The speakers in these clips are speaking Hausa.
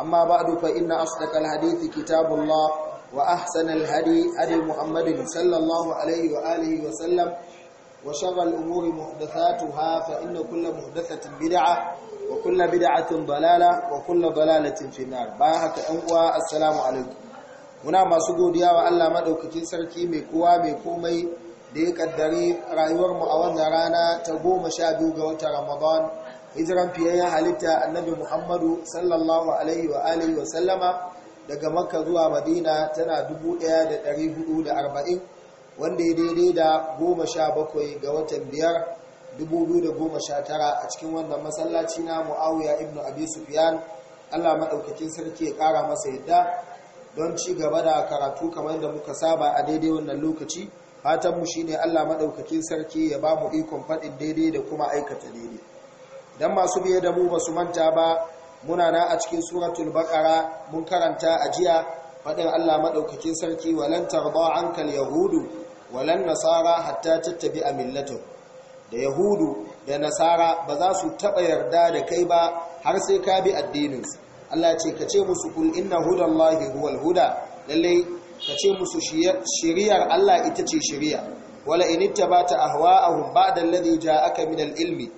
أما بعد فإن أصدق الحديث كتاب الله وأحسن الهدي هدي محمد صلى الله عليه وآله وسلم وشر الأمور محدثاتها فإن كل محدثة بدعة وكل بدعة ضلالة وكل ضلالة في النار باهك أنقوى السلام عليكم muna masu godiya wa Allah maɗaukakin sarki mai kowa mai komai da ya ƙaddari rayuwarmu a wannan rana ta goma sha biyu ga watan Ramadan hijiran fiyayyen halitta annabi muhammadu sallallahu alaihi wa alihi wa sallama daga makka zuwa madina tana 1440 wanda ya daidai da 17 ga watan biyar 2019 a cikin wannan masallaci na mu'awiya ibnu abi sufyan allah maɗaukakin sarki ya ƙara masa yadda don ci gaba da karatu kamar da muka saba a daidai wannan lokaci fatanmu shi ne allah maɗaukakin sarki ya ba mu ikon faɗin daidai da kuma aikata daidai dan masu biye da mu ba su manta ba muna na a cikin suratul baqara mun karanta a jiya fadin Allah madaukakin sarki walan tarda ankal yahudu walan nasara hatta tattabi'a millatuh da yahudu da nasara ba za su taba yarda da kai ba har sai ka bi addininsu Allah ce ka ce musu kul inna hudallahi huwal huda lalle ka ce musu shiriyar Allah ita ce shiriya wala in ittabata ahwa'ahum ba'da alladhi ja'aka min al-ilmi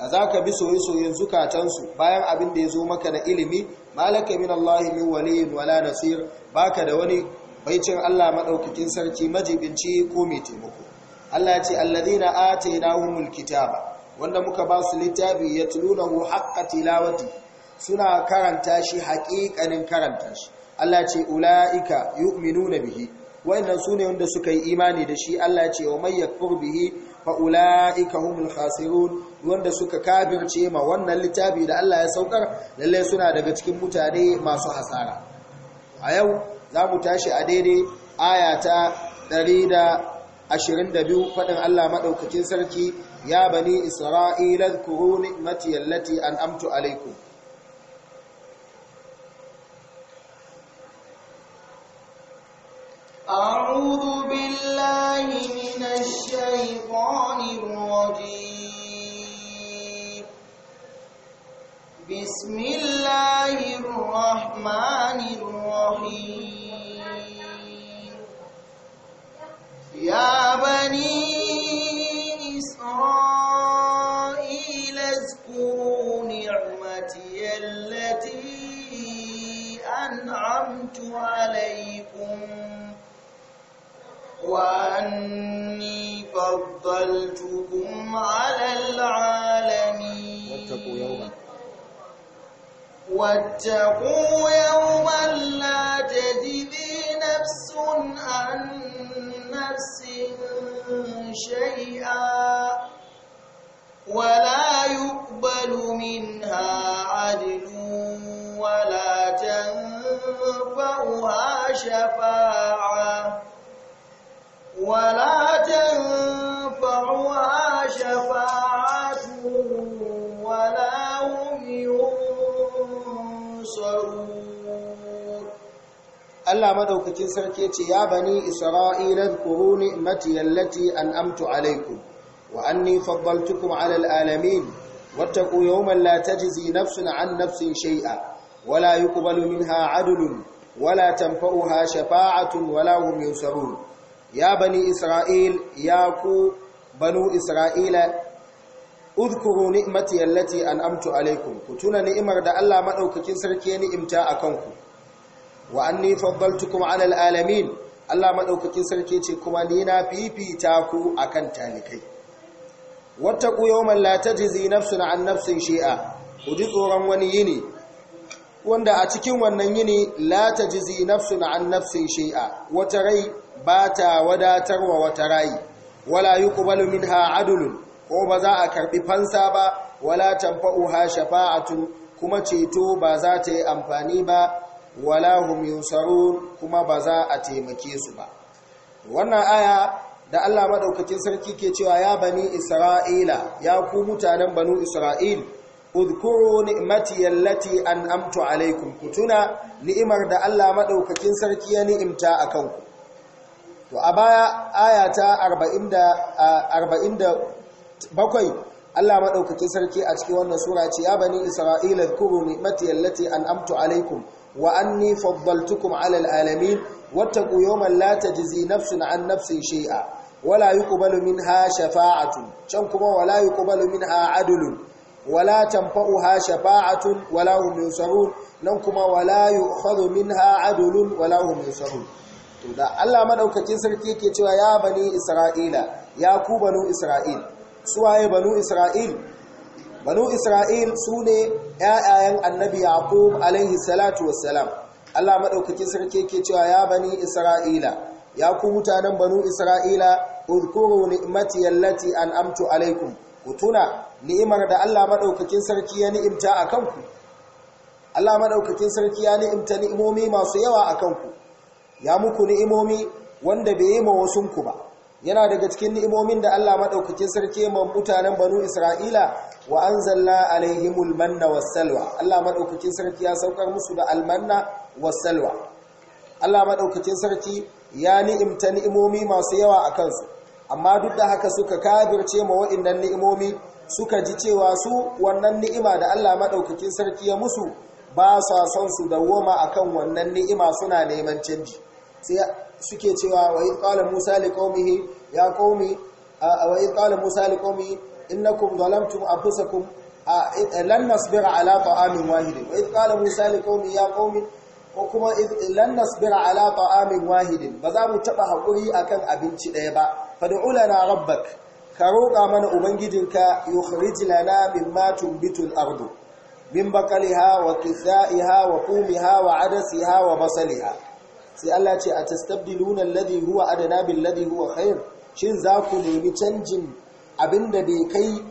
da za ka bi soye-soyen zukatansu bayan abin da ya zo maka na ilimi malaka min Allah min waliyin wala nasir baka da wani baicin Allah maɗaukakin sarki majibinci ko mai taimako Allah ya ce na atainahumul kitaba wanda muka ba su littafi ya yatlunahu haƙa tilawati suna karanta shi haƙiƙanin karanta shi Allah ce ulaika nuna bihi su sune wanda suka yi imani da shi Allah ce wa may bihi fa ulaika humul khasirun wanda suka kafirce ma wannan littafi da Allah ya saukar lalle suna daga cikin mutane masu hasara a yau za mu tashi a daidai aya ta 122 faɗin Allah maɗaukacin sarki ya bani isra'ila dhkuru ni'mati allati an'amtu alaikum أعوذ بالله من الشيطان الرجيم بسم الله الرحمن الرحيم يا بني إسرائيل اذكروا نعمتي التي أنعمت عليكم وأني فضلتكم على العالمين واتقوا يوما واتقوا يوما لا تجدي نفس عن نفس شيئا ولا يقبل منها عدل ولا تنفعها شفاعة ولا تنفعها Allah madaukakin sarki ce ya bani isra'ila dhkuru ni'mati allati an'amtu alaykum wa anni faddaltukum 'ala alamin wattaqu yawman la tajzi nafsun 'an nafsin shay'a wala yuqbalu minha 'adlun wala tanfa'uha shafa'atun wala hum yunsarun ya bani isra'il ya ku banu isra'ila udhkuru ni'mati allati an'amtu alaykum ku tuna ni'imar da Allah madaukakin sarki ya ni'imta akan wa anni faddaltukum ala alalamin Allah madaukakin sarki ce kuma ni na fifita ku akan talikai wata yawman la tajzi nafsun an nafsin shay'a ku ji tsoron wani yini wanda a cikin wannan yini la tajzi nafsun an nafsin shay'a wata rai ba ta wadatarwa wata rai wala yuqbalu minha adlun ko ba za a karbi fansa ba wala tanfa'uha shafa'atu kuma ceto ba za ta yi amfani ba wala hum yunsarun kuma ba za a taimake su ba wannan aya da Allah madaukakin sarki ke cewa ya bani isra'ila ya ku mutanen banu isra'il udkuru ni'mati allati an'amtu alaikum kutuna ni'imar da Allah madaukakin sarki ya ni'imta akan ku to a baya aya ta 47 Allah maɗaukakin sarki a cikin wannan sura ce ya bani Isra'ila kuru ni'mati allati an'amtu alaikum wa anni faddaltukum ala alalamin wattaqu yawman la tajzi nafsun an nafsin shay'a wala yuqbalu minha shafa'atun can kuma wala yuqbalu minha adlun wala tanfa'uha shafa'atun wala hum yusarun nan kuma wala yu'khadhu minha adlun wala hum yusarun to da Allah madaukakin sarki ke cewa ya bani isra'ila ya ku banu isra'il suwaye banu isra'il banu isra'il su ne ‘ya'yayen annabi yaqub alaihi salatu Wasalam. allah maɗaukakin sarki ke cewa ya bani isra'ila ya ku mutanen banu isra'ila urkuru ni'imati yallati an amtu alaikum ku tuna ni'imar da allah maɗaukakin sarki ya ni'imta a kanku allah maɗaukakin sarki ya ni'imta ni'imomi masu yawa a kanku ya muku ni'imomi wanda bai yi ma wasunku ba yana daga cikin ni'imomin da Allah madaukakin sarki man mutanen banu Isra'ila wa anzalna alaihimul manna wassalwa Allah madaukakin sarki ya saukar musu da almanna wassalwa Allah madaukakin sarki ya ni'imta ni'imomi masu yawa a kansu amma duk da haka suka kabirce ma wa'annan ni'imomi suka ji cewa su wannan ni'ima da Allah madaukakin sarki ya musu ba sa son su dawoma akan wannan ni'ima suna neman canji suke cewa wa idh qala musa liqaumihi ya qaumi wa idh qala musa liqaumihi innakum zalamtum anfusakum lan nasbira ala ta'amin wahidin wa idh qala musa liqaumihi ya qaumi ko kuma lan nasbira ala ta'amin wahidin ba za mu taba hakuri akan abinci daya ba fad'u lana rabbak ka roƙa mana ubangijinka yukhrij lana mimma tumbitul ardu min bakaliha wa kisaiha wa qumiha wa adasiha wa basaliha sai Allah ce a tastabdiluna alladhi huwa adana billadhi huwa khair shin za ku nemi canjin abinda bai kai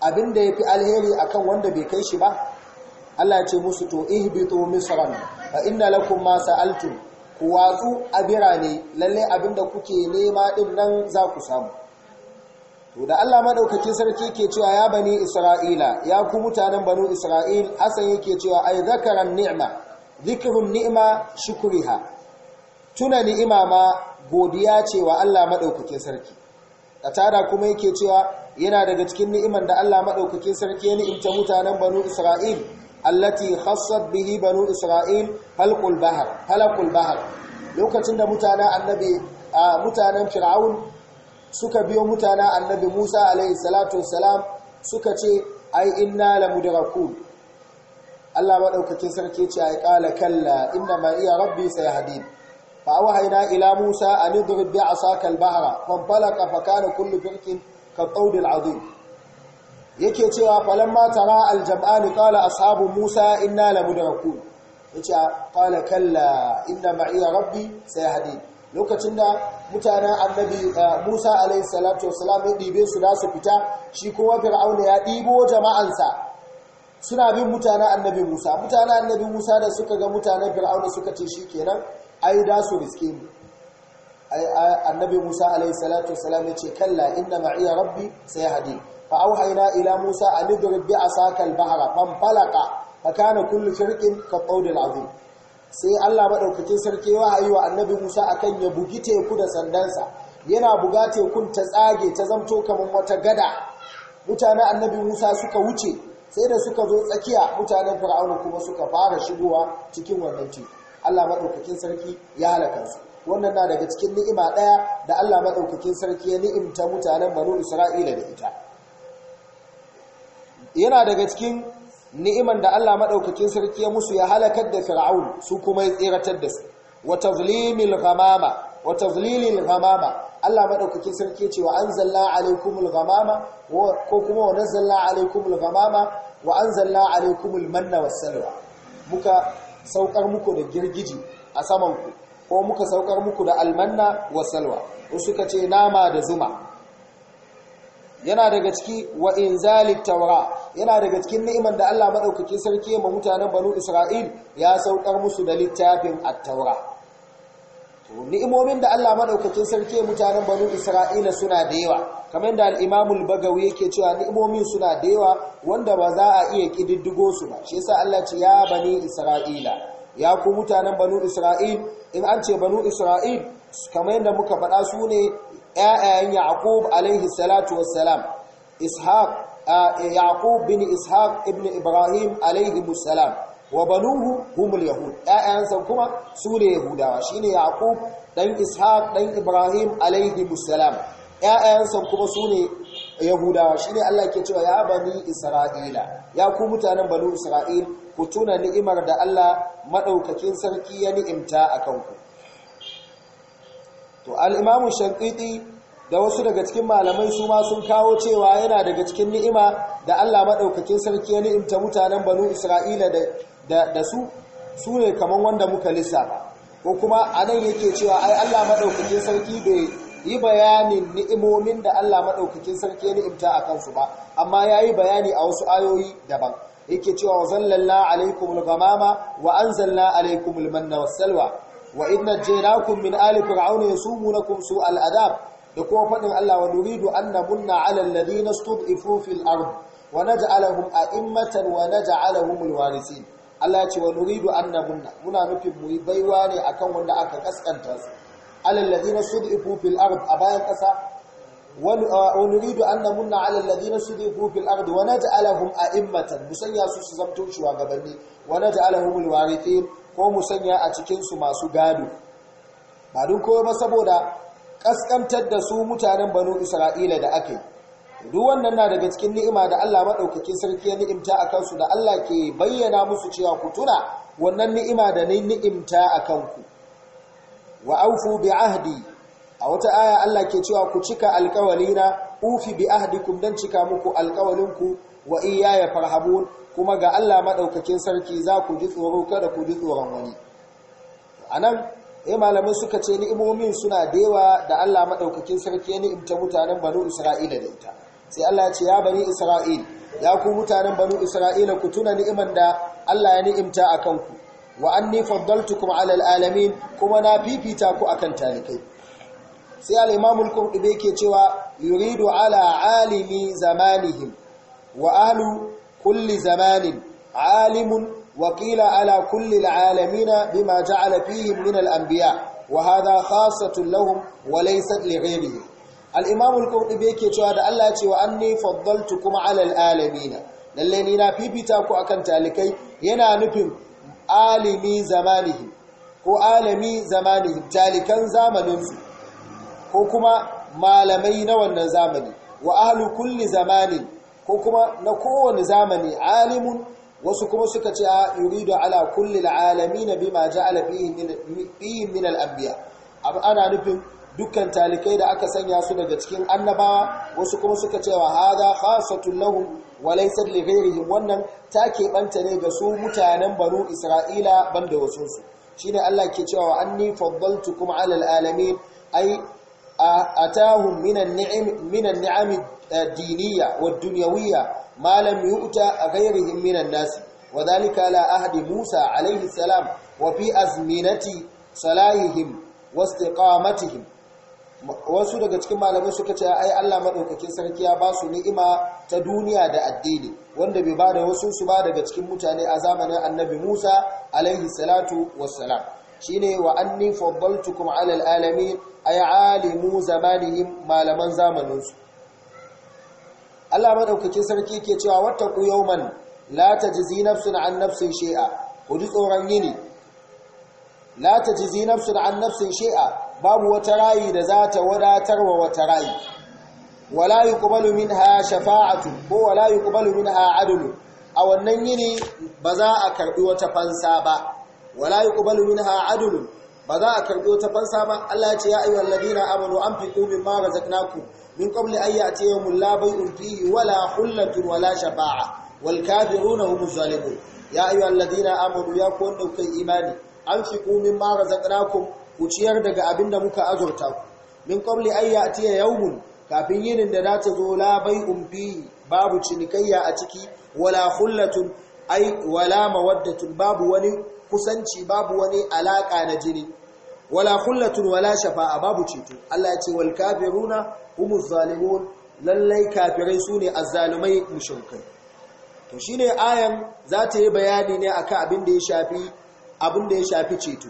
abinda yafi alheri akan wanda bai kai shi ba Allah ce musu to ihbitu misran fa inna lakum ma sa'altum ku watsu a birane lalle abinda kuke nema din nan za ku samu to da Allah maɗaukacin sarki ke cewa ya bani isra'ila ya ku mutanen banu isra'il asan yake cewa ai zakaran ni'ma zikrun ni'ma shukriha tuna ni'ima ma godiya ce wa Allah maɗaukakin sarki tada kuma yake cewa yana daga cikin ni'iman da Allah maɗaukakin sarki ya ni'imta mutanen banu Isra'il allati khassat bihi banu Isra'il halqul bahar halqul bahar lokacin da mutanen annabi mutanen fir'aun suka biyo mutanen annabi Musa alaihi salatu wassalam suka ce ai inna lamudrakun Allah maɗaukakin sarki ce ai qala kalla inna ma iya rabbi sayahdi فأوهينا إلى موسى أن اضرب بعصاك البحر فانطلق فكان كل فرق كالطود العظيم yake cewa falamma tara aljam'anu qala ashabu musa inna lamudrakun yace qala kalla inna ma'iya rabbi sayahdi lokacin da mutanen annabi musa alayhi salatu wassalam ya dibe su da su fita shi kuma fir'auna ya dibo jama'ansa suna bin mutane annabi Musa mutanen annabi Musa da suka ga mutanen Fir'auna suka ce shi kenan, ayi da su riske mu annabi Musa alaihi salatu Salam ya ce kalla inna ma'iya rabbi sayahdi fa auhayna ila Musa an idrib bi asaka al-bahra fanfalaqa fa kana kullu shirkin, ka da azim sai Allah madaukakin sarki wahayi wa annabi Musa akan ya bugi teku da sandansa yana buga tekun ta tsage ta zamto kamar wata gada mutane annabi Musa suka wuce sai da suka zo tsakiya mutanen fir'auna kuma suka fara shigowa cikin wannan teku Allah maɗaukakin sarki ya halakansu wannan na daga cikin ni'ima ɗaya da Allah maɗaukakin sarki ya ni'imta mutanen banu Isra'ila da ita yana daga cikin ni'iman da Allah maɗaukakin sarki ya musu ya halakar da fir'aun su kuma ya tsiratar da su wa tazlimil ghamama wa tazlilil ghamama Allah madaukakin sarki cewa anzalla alaikumul ghamama ko kuma wanzalla alaikumul ghamama wa anzalla alaikumul manna wassalwa muka saukar muku da girgiji a saman ku ko muka saukar muku da almanna wassalwa suka ce nama da zuma yana daga ciki wa inzalit tawra yana daga cikin ni'imar da Allah madaukakin sarki ma mutanen banu Isra'il ya saukar musu da littafin at-taura ni'imomin da Allah madaukakin sarki ya mutanen banu Isra'ila suna da yawa kamar yadda al al Bagawi yake cewa ni'imomin suna da yawa wanda ba za a iya kididdigo su ba shi yasa Allah ce ya bani Isra'ila ya ku mutanen banu Isra'il in an ce banu Isra'il kamar yadda muka faɗa su ne ƴaƴayen Yaqub alaihi salatu wassalam Ishaq Yaqub bin Ishaq ibn Ibrahim alaihi salam wa banuhu humul yahud ƴaƴansa kuma su ne yahudawa shine yaqub dan ishaq dan ibrahim alaihi musallam ƴaƴansa kuma su ne yahudawa shine Allah ke cewa ya bani isra'ila ya ku mutanen banu isra'il ku tuna ni'imar da Allah madaukakin sarki ya ni'imta akan ku to al imam shanqiti da wasu daga cikin malamai su ma sun kawo cewa yana daga cikin ni'ima da Allah maɗaukakin sarki ya ni'imta mutanen banu Isra'ila da da su su ne kamar wanda muka lissafa ko kuma anan yake cewa ai Allah madaukakin sarki bai yi bayanin ni'imomin da Allah madaukakin sarki ya ni'imta a kansu ba amma yayi bayani a wasu ayoyi daban yake cewa wa zallalla alaikumul ghamama wa anzalna alaikumul manna wassalwa wa idna jaynakum min ali fir'auna yasumunakum su'al adab da kuma fadin Allah wa nuridu annamunna ala alladhina istud'ifu fil ard wa naj'alahum a'immatan wa naj'alahum alwarisin Allah ce wa nuridu annamunna muna nufin mu yi baiwa ne akan wanda aka kaskanta su alal ladina sudifu fil ard a bayan kasa wa nuridu annamunna alal ladina sudifu fil ard wa naj'alahum a'immatan musanya su su zamto shugabanni wa naj'alahum alwarithin ko musanya a cikin su masu gado ba dun ko ba saboda kaskantar da su mutanen banu Isra'ila da ake duk wannan na daga cikin ni'ima da Allah maɗaukakin sarki ya ni'imta a kansu da Allah ke bayyana musu cewa ku tuna wannan ni'ima da ni ni'imta a kanku wa aufu bi ahdi a wata aya Allah ke cewa ku cika alƙawalina ufi bi ahdikum dan cika muku alƙawalinku wa iyaya farhabun kuma ga Allah maɗaukakin sarki za ku ji tsoro kada ku ji tsoron wani anan eh malamai suka ce ni'imomin suna da yawa da Allah maɗaukakin sarki ya ni'imta mutanen Banu Isra'ila da ita sai Allah ya ce ya bani Isra'il ya ku mutanen banu Isra'ila ku tuna ni'iman da Allah ya ni'imta a kanku wa anni faddaltukum ala alamin kuma na fifita ku akan talikai sai al-Imam al yake cewa yuridu ala alimi zamanihim wa ahlu kulli zamanin alimun وقيل على كل العالمين بما جعل فيهم من الأنبياء lahum wa لهم وليست لغيرهم al-imam al-qurtubi yake cewa da Allah ya ce wa anni faddaltukum ala al-alamin lalle ni na fifita ku akan talikai yana nufin alimi zamanihi ko alimi zamanihi talikan zamaninsu ko kuma malamai na wannan zamani wa ahlu kulli zamani ko kuma na kowane zamani alimun wasu kuma suka ce a yuridu ala kulli alamin bima ja'ala fihi min al-anbiya ana nufin dukkan talikai da aka sanya su daga cikin annabawa wasu kuma suka cewa hada khasatun lahum wa laysa li ghayrihim wannan ta banta ne ga su mutanen banu isra'ila banda wasu su shine Allah ke cewa wa anni faddaltukum ala alalamin ay atahum minan ni'am minan ni'am ad-diniyya eh, wad-dunyawiyya ma lam yu'ta ghayrihim minan nas wa dhalika ala ahdi Musa alayhi salam wa fi azminati salahihim واستقامتهم wasu daga cikin malamai suka ce ai Allah madaukakin sarki ya ba su ni'ima ta duniya da addini wanda bai ba da wasu su ba daga cikin mutane a zamanin annabi Musa alaihi salatu wassalam shine wa anni faddaltukum ala alalamin ay alimu zamanihim malaman zamaninsu Allah madaukakin sarki ke cewa wattaqu yawman la tajzi nafsun an nafsin shay'a ku ji tsoron yini la tajzi nafsun an nafsin shay'a babu wata rayi da za ta wadatar wa wata rayi wala yuqbalu minha shafa'atu ko wala yuqbalu minha adlu a wannan yini ba za a karbi wata fansa ba wala yuqbalu minha adlu ba za a karbi wata fansa ba Allah ya ce ya ayyuhal ladina amanu anfiqu mimma razaqnakum min qabli an ya'tiya yawmun la bay'un fihi wala hullatun wala shafa'a wal kafiruna humuz zalimun ya ayyuhal ladina amanu ya ku wanda kai imani anfiqu mimma razaqnakum ku ciyar daga abin da muka azurta ku min qabli ay ya'tiya yawmun kafin yinin da za ta zo labai umfi babu cinikayya a ciki wala khullatun ai wala mawaddatun babu wani kusanci babu wani alaka na jini wala khullatun wala shafa'a babu ceto Allah ya ce wal kafiruna humuz zalimun lallai kafirai sune azzalumai mushrikai to shine ayan za ta yi bayani ne akan abin da ya abin da ya shafi ceto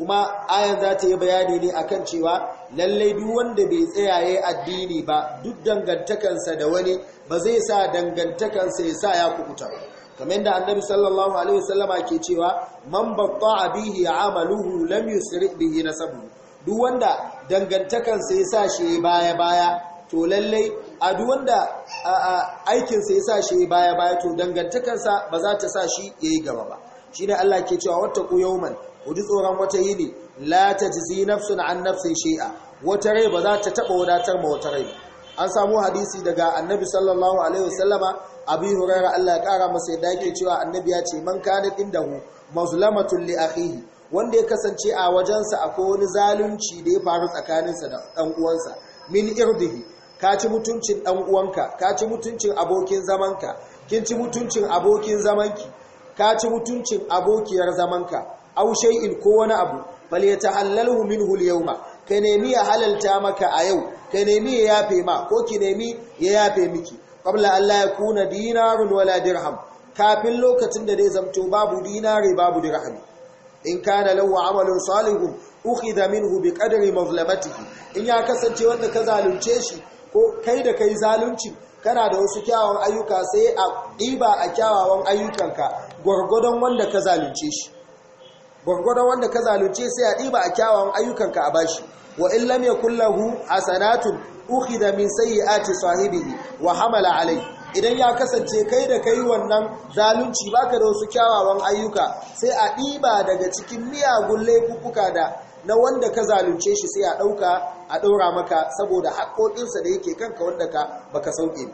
kuma ayan za ta yi bayani ne a kan cewa lallai duk wanda bai tsayaye addini ba duk dangantakansa da wani ba zai sa dangantakansa ya sa ya kukuta kamar yadda annabi sallallahu alaihi wasallama ke cewa man batta bihi amaluhu lam yusri bihi nasabu duk wanda dangantakansa ya sa shi baya baya to lallai a duk wanda aikinsa ya sa shi baya baya to dangantakansa ba za ta sa shi yayi gaba ba Shi shine Allah ke cewa wattaqu yawman ku ji tsoron wata yini la tajzi na an nafsin shay'a wata rai ba za ta taba wadatar ma wata rai an samu hadisi daga annabi sallallahu alaihi wasallama abi huraira Allah ya kara masa yadda yake cewa annabi ya ce man kana indahu mazlamatun li akhihi wanda ya kasance a wajensa akwai wani zalunci da ya faru tsakaninsa da ɗan uwansa min irdihi ka ci mutuncin ɗan uwanka ka ci mutuncin abokin zamanka kin ci mutuncin abokin zamanki ka ci mutuncin abokiyar zamanka aw in ko wani abu bal yatahallalhu minhu al-yawma ka nemi ya halalta maka a yau ka nemi ya yafe ma ko ki nemi ya yafe miki qabla Allah ya kuna dinarun wala dirham kafin lokacin da zai zamto babu dinari babu dirham in kana lahu amalun salihun ukhidha minhu qadri mazlamatihi in ya kasance wanda ka zalunce shi ko kai da kai zalunci kana da wasu kyawawan ayyuka sai a ɗiba a kyawawan ayyukanka gwargwadon wanda ka zalunce shi gwargwadon wanda ka zalunce sai a ɗiba a kyawawan ayyukanka a bashi wa in lam A sanatun hasanatun da min sayyiati sahibihi wa hamala alai idan ya kasance kai da kai wannan zalunci baka da wasu kyawawan ayyuka sai a ɗiba daga cikin miyagun laifuka da na wanda ka zalunce shi sai a ɗauka a ɗaura maka saboda haƙoƙinsa da yake kanka wanda ka baka sauke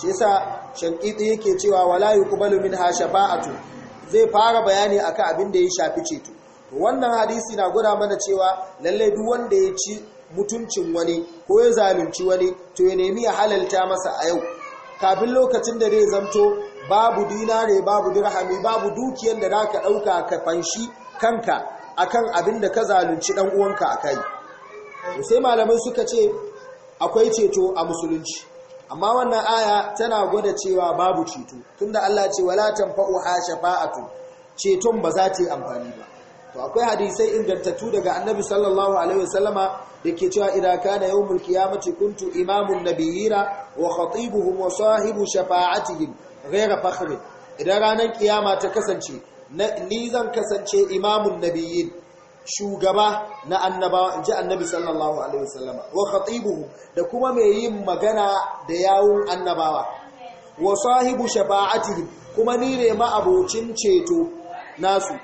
shi yasa Shanƙiɗi yake cewa wala ba a shafa'atu zai fara bayani akan abin da ya shafi ceto wannan hadisi na gwada mana cewa lalle duk wanda ya ci mutuncin wani ko ya zalunci wani to ya nemi ya halalta masa a yau kafin lokacin da zai zamto babu dinare babu dirhami babu dukiyar da za ka dauka ka fanshi kanka akan abin da ka zalunci dan uwanka akai sai malamai suka ce akwai ceto a musulunci amma wannan aya tana gwada cewa babu ceto tunda Allah ce wala tanfa'u ha shafa'atu ceton ba za ta yi amfani ba to akwai hadisai ingantattu daga annabi sallallahu alaihi wasallama dake cewa idan kana yawmul qiyamati kuntu imamun nabiyina wa khatibuhum wa sahibu shafa'atihim ghayra fakhrin idan ranar kiyama ta kasance ni zan kasance imamun nabiyin shugaba na annabawa in ji annabi sallallahu alaihi wasallama wa khatibuhu da kuma mai yin magana da yawun annabawa wa sahibu shafa'atihim kuma ni ne ma'abocin ceto nasu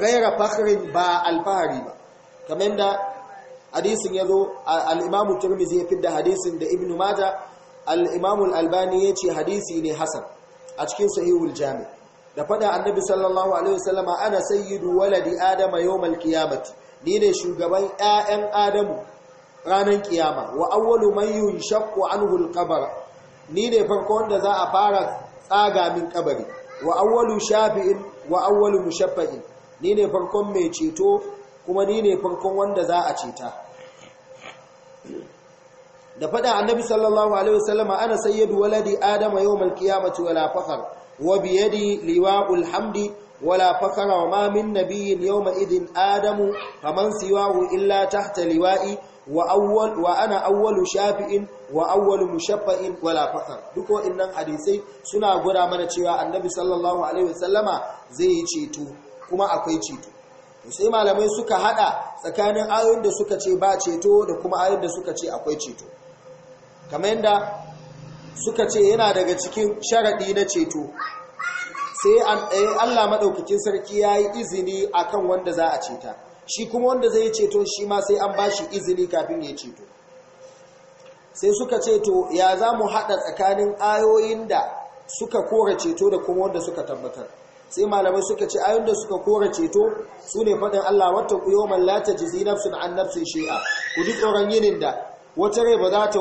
ghaira fakhrin ba alfahari ba kamar da hadisin yazo al-imamu tirmidhi ya da hadisin da ibnu majah al imam al-albani ya ce hadisi ne hasan a cikin sahihul jami' da faɗa annabi sallallahu alaihi wasallama ana sayyidu waladi adama yawmal qiyamati ni ne shugaban ƴaƴan adamu ranar kiyama wa awwalu man yunshaqu anhu alqabr ni ne farko wanda za a fara tsaga min kabari wa awwalu shafi'in wa awwalu mushaffa'in ni ne farkon mai ceto kuma ni ne farkon wanda za a ceta da faɗa annabi sallallahu alaihi wasallama ana sayyidu waladi adama yawmal qiyamati wala fakhar wa biyadi liwa'ul hamdi wala fakara wa ma min nabiyyin yawma idin adamu faman siwahu illa tahta liwa'i wa awwal ana awwalu shafi'in wa awwalu mushaffa'in wala fakar duk waɗannan hadisai suna gwada mana cewa annabi sallallahu zai yi ceto kuma akwai ceto sai malamai suka haɗa tsakanin ayoyin da suka ce ba ceto da kuma ayoyin da suka ce akwai ceto kamar yadda suka ce yana daga cikin sharaɗi na ceto sai eh, Allah maɗaukakin sarki ya yi izini a kan wanda za a ceta shi kuma wanda zai ceto shi ma sai an ba shi izini kafin ya ceto sai suka ceto ya za mu haɗa tsakanin ayoyin da suka kora ceto da kuma wanda suka tabbatar sai malamai suka ce ayoyin da suka kora ceto su ne faɗin Allah wata ku mallata jizi nafsun an nafsun shi'a ku ji tsoron yinin da wata rai ba za ta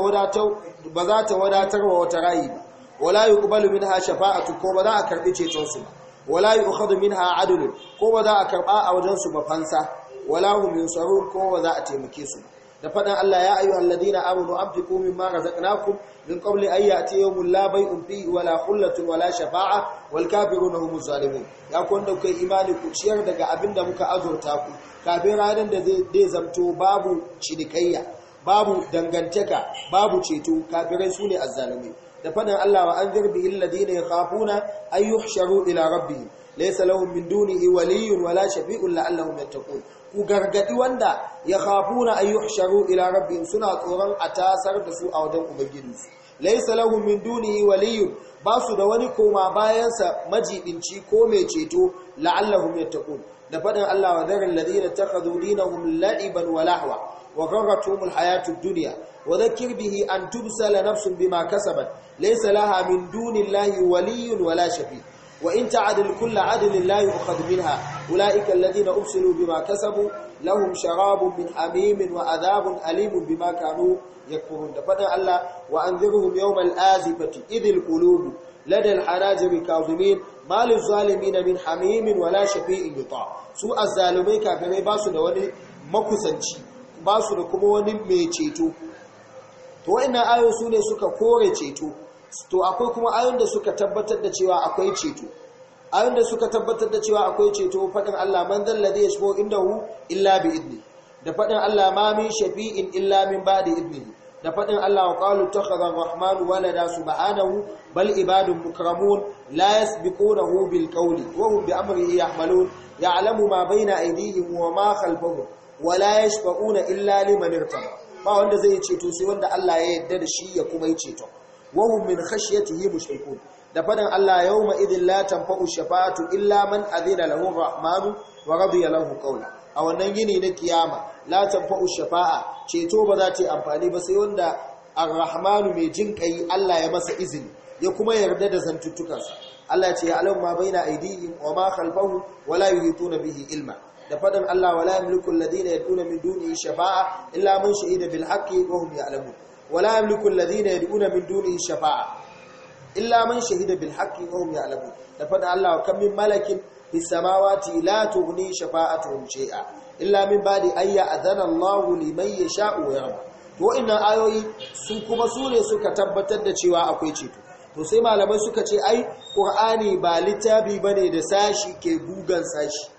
wadatar wa wata rayi ba wala yuqbalu minha shafa'atu ko ba za a karbi ceton su wala min ha adulun ko ba za a karba a wajen su ba fansa wala min yunsarun ko ba za a taimake su da faɗin Allah ya ayyuhal alladina amanu anfiqu mimma razaqnaku min qabli an ya'ti yawmun la bay'un fihi wala khullatu wala shafa'a wal kafiruna humuz zalimun ya ku da kai imani ku ciyar daga abinda muka azurta ku kafin ranar da zai zamto babu cinikayya babu dangantaka babu ceto kafirai su ne azzalumi da faɗin Allah wa an zirbi illadina yakhafuna ay yuhsharu ila rabbihim laysa lahum min dunihi waliyyun wala shafi'un la'allahum yattaqun ku gargadi wanda yakhafuna ay yuhsharu ila rabbihim suna tsoron a tasar da su a wajen ubangijinsu laysa lahum min dunihi waliyyun ba su da wani koma bayansa majibinci ko mai ceto la'allahum yattaqun da faɗin Allah wa dharil ladina takhadhu dinahum la'iban wa lahwa wa gharratumul hayatud Duniya wa dhakkir bihi an tubsala nafsun bima kasabat laysa laha min dunillahi waliyyun wala shafi wa in ta'dil kullu 'adlin la yu'khadh minha ulaika alladhina ubsilu bima kasabu lahum sharabun min hamimin wa adhabun alimun bima kanu yakfurun da fadan Allah wa anzirhum yawmal azifati idhil qulubu لدى الحناجر كاظمين ما للظالمين من حميم ولا شفيع يطاع su azzalimai kafirai ba su da wani makusanci ba su da kuma wani mai ceto to wa'annan ayo su ne suka kore ceto to akwai kuma ayon da suka tabbatar da cewa akwai ceto ayon da suka tabbatar da cewa akwai ceto faɗin Allah man zalla ya shigo indahu illa bi idni da faɗin Allah ma min shafi'in illa min ba'di idni da faɗin Allah wa qalu takhadha ar-rahman walada hu, bal ibadun mukramun la yasbiqunahu bil qawli wa hu bi amrihi Ya ya'lamu ma baina aydihim wa ma khalfahum wala yashfa'una illa liman irtaba ba wanda zai ceto sai wanda Allah ya yarda da shi ya kuma yi ceto wa hum min khashyatihi mushrikun da fadan Allah yawma idin la tanfa'u shafa'atu illa man adhina lahu rahmanu wa radiya lahu qawla a wannan yini na kiyama la tanfa'u shafa'a ceto ba za ta amfani ba sai wanda ar-rahmanu mai jin kai Allah ya masa izini ya kuma yarda da zantuttukansa Allah ya ce ya alam ma baina aydihim wa ma khalfahum wa la yuhituna bihi ilma da fadin Allah wala yamliku alladhina yad'una min dunihi shafa'a illa man shahida bil haqqi wa hum ya'lamun wala yamliku alladhina yad'una min dunihi shafa'a illa man shahida bil haqqi wa hum ya'lamun da fadin Allah Wa kam min malakin fis samawati la tughni shafa'atuhum shay'a illa min ba'di an ya'dhana Allahu liman yasha'u wa yarda to inna ayoyi sun kuma sune suka tabbatar da cewa akwai ceto to sai malamai suka ce ai qur'ani ba littafi bane da sashi ke gugan sashi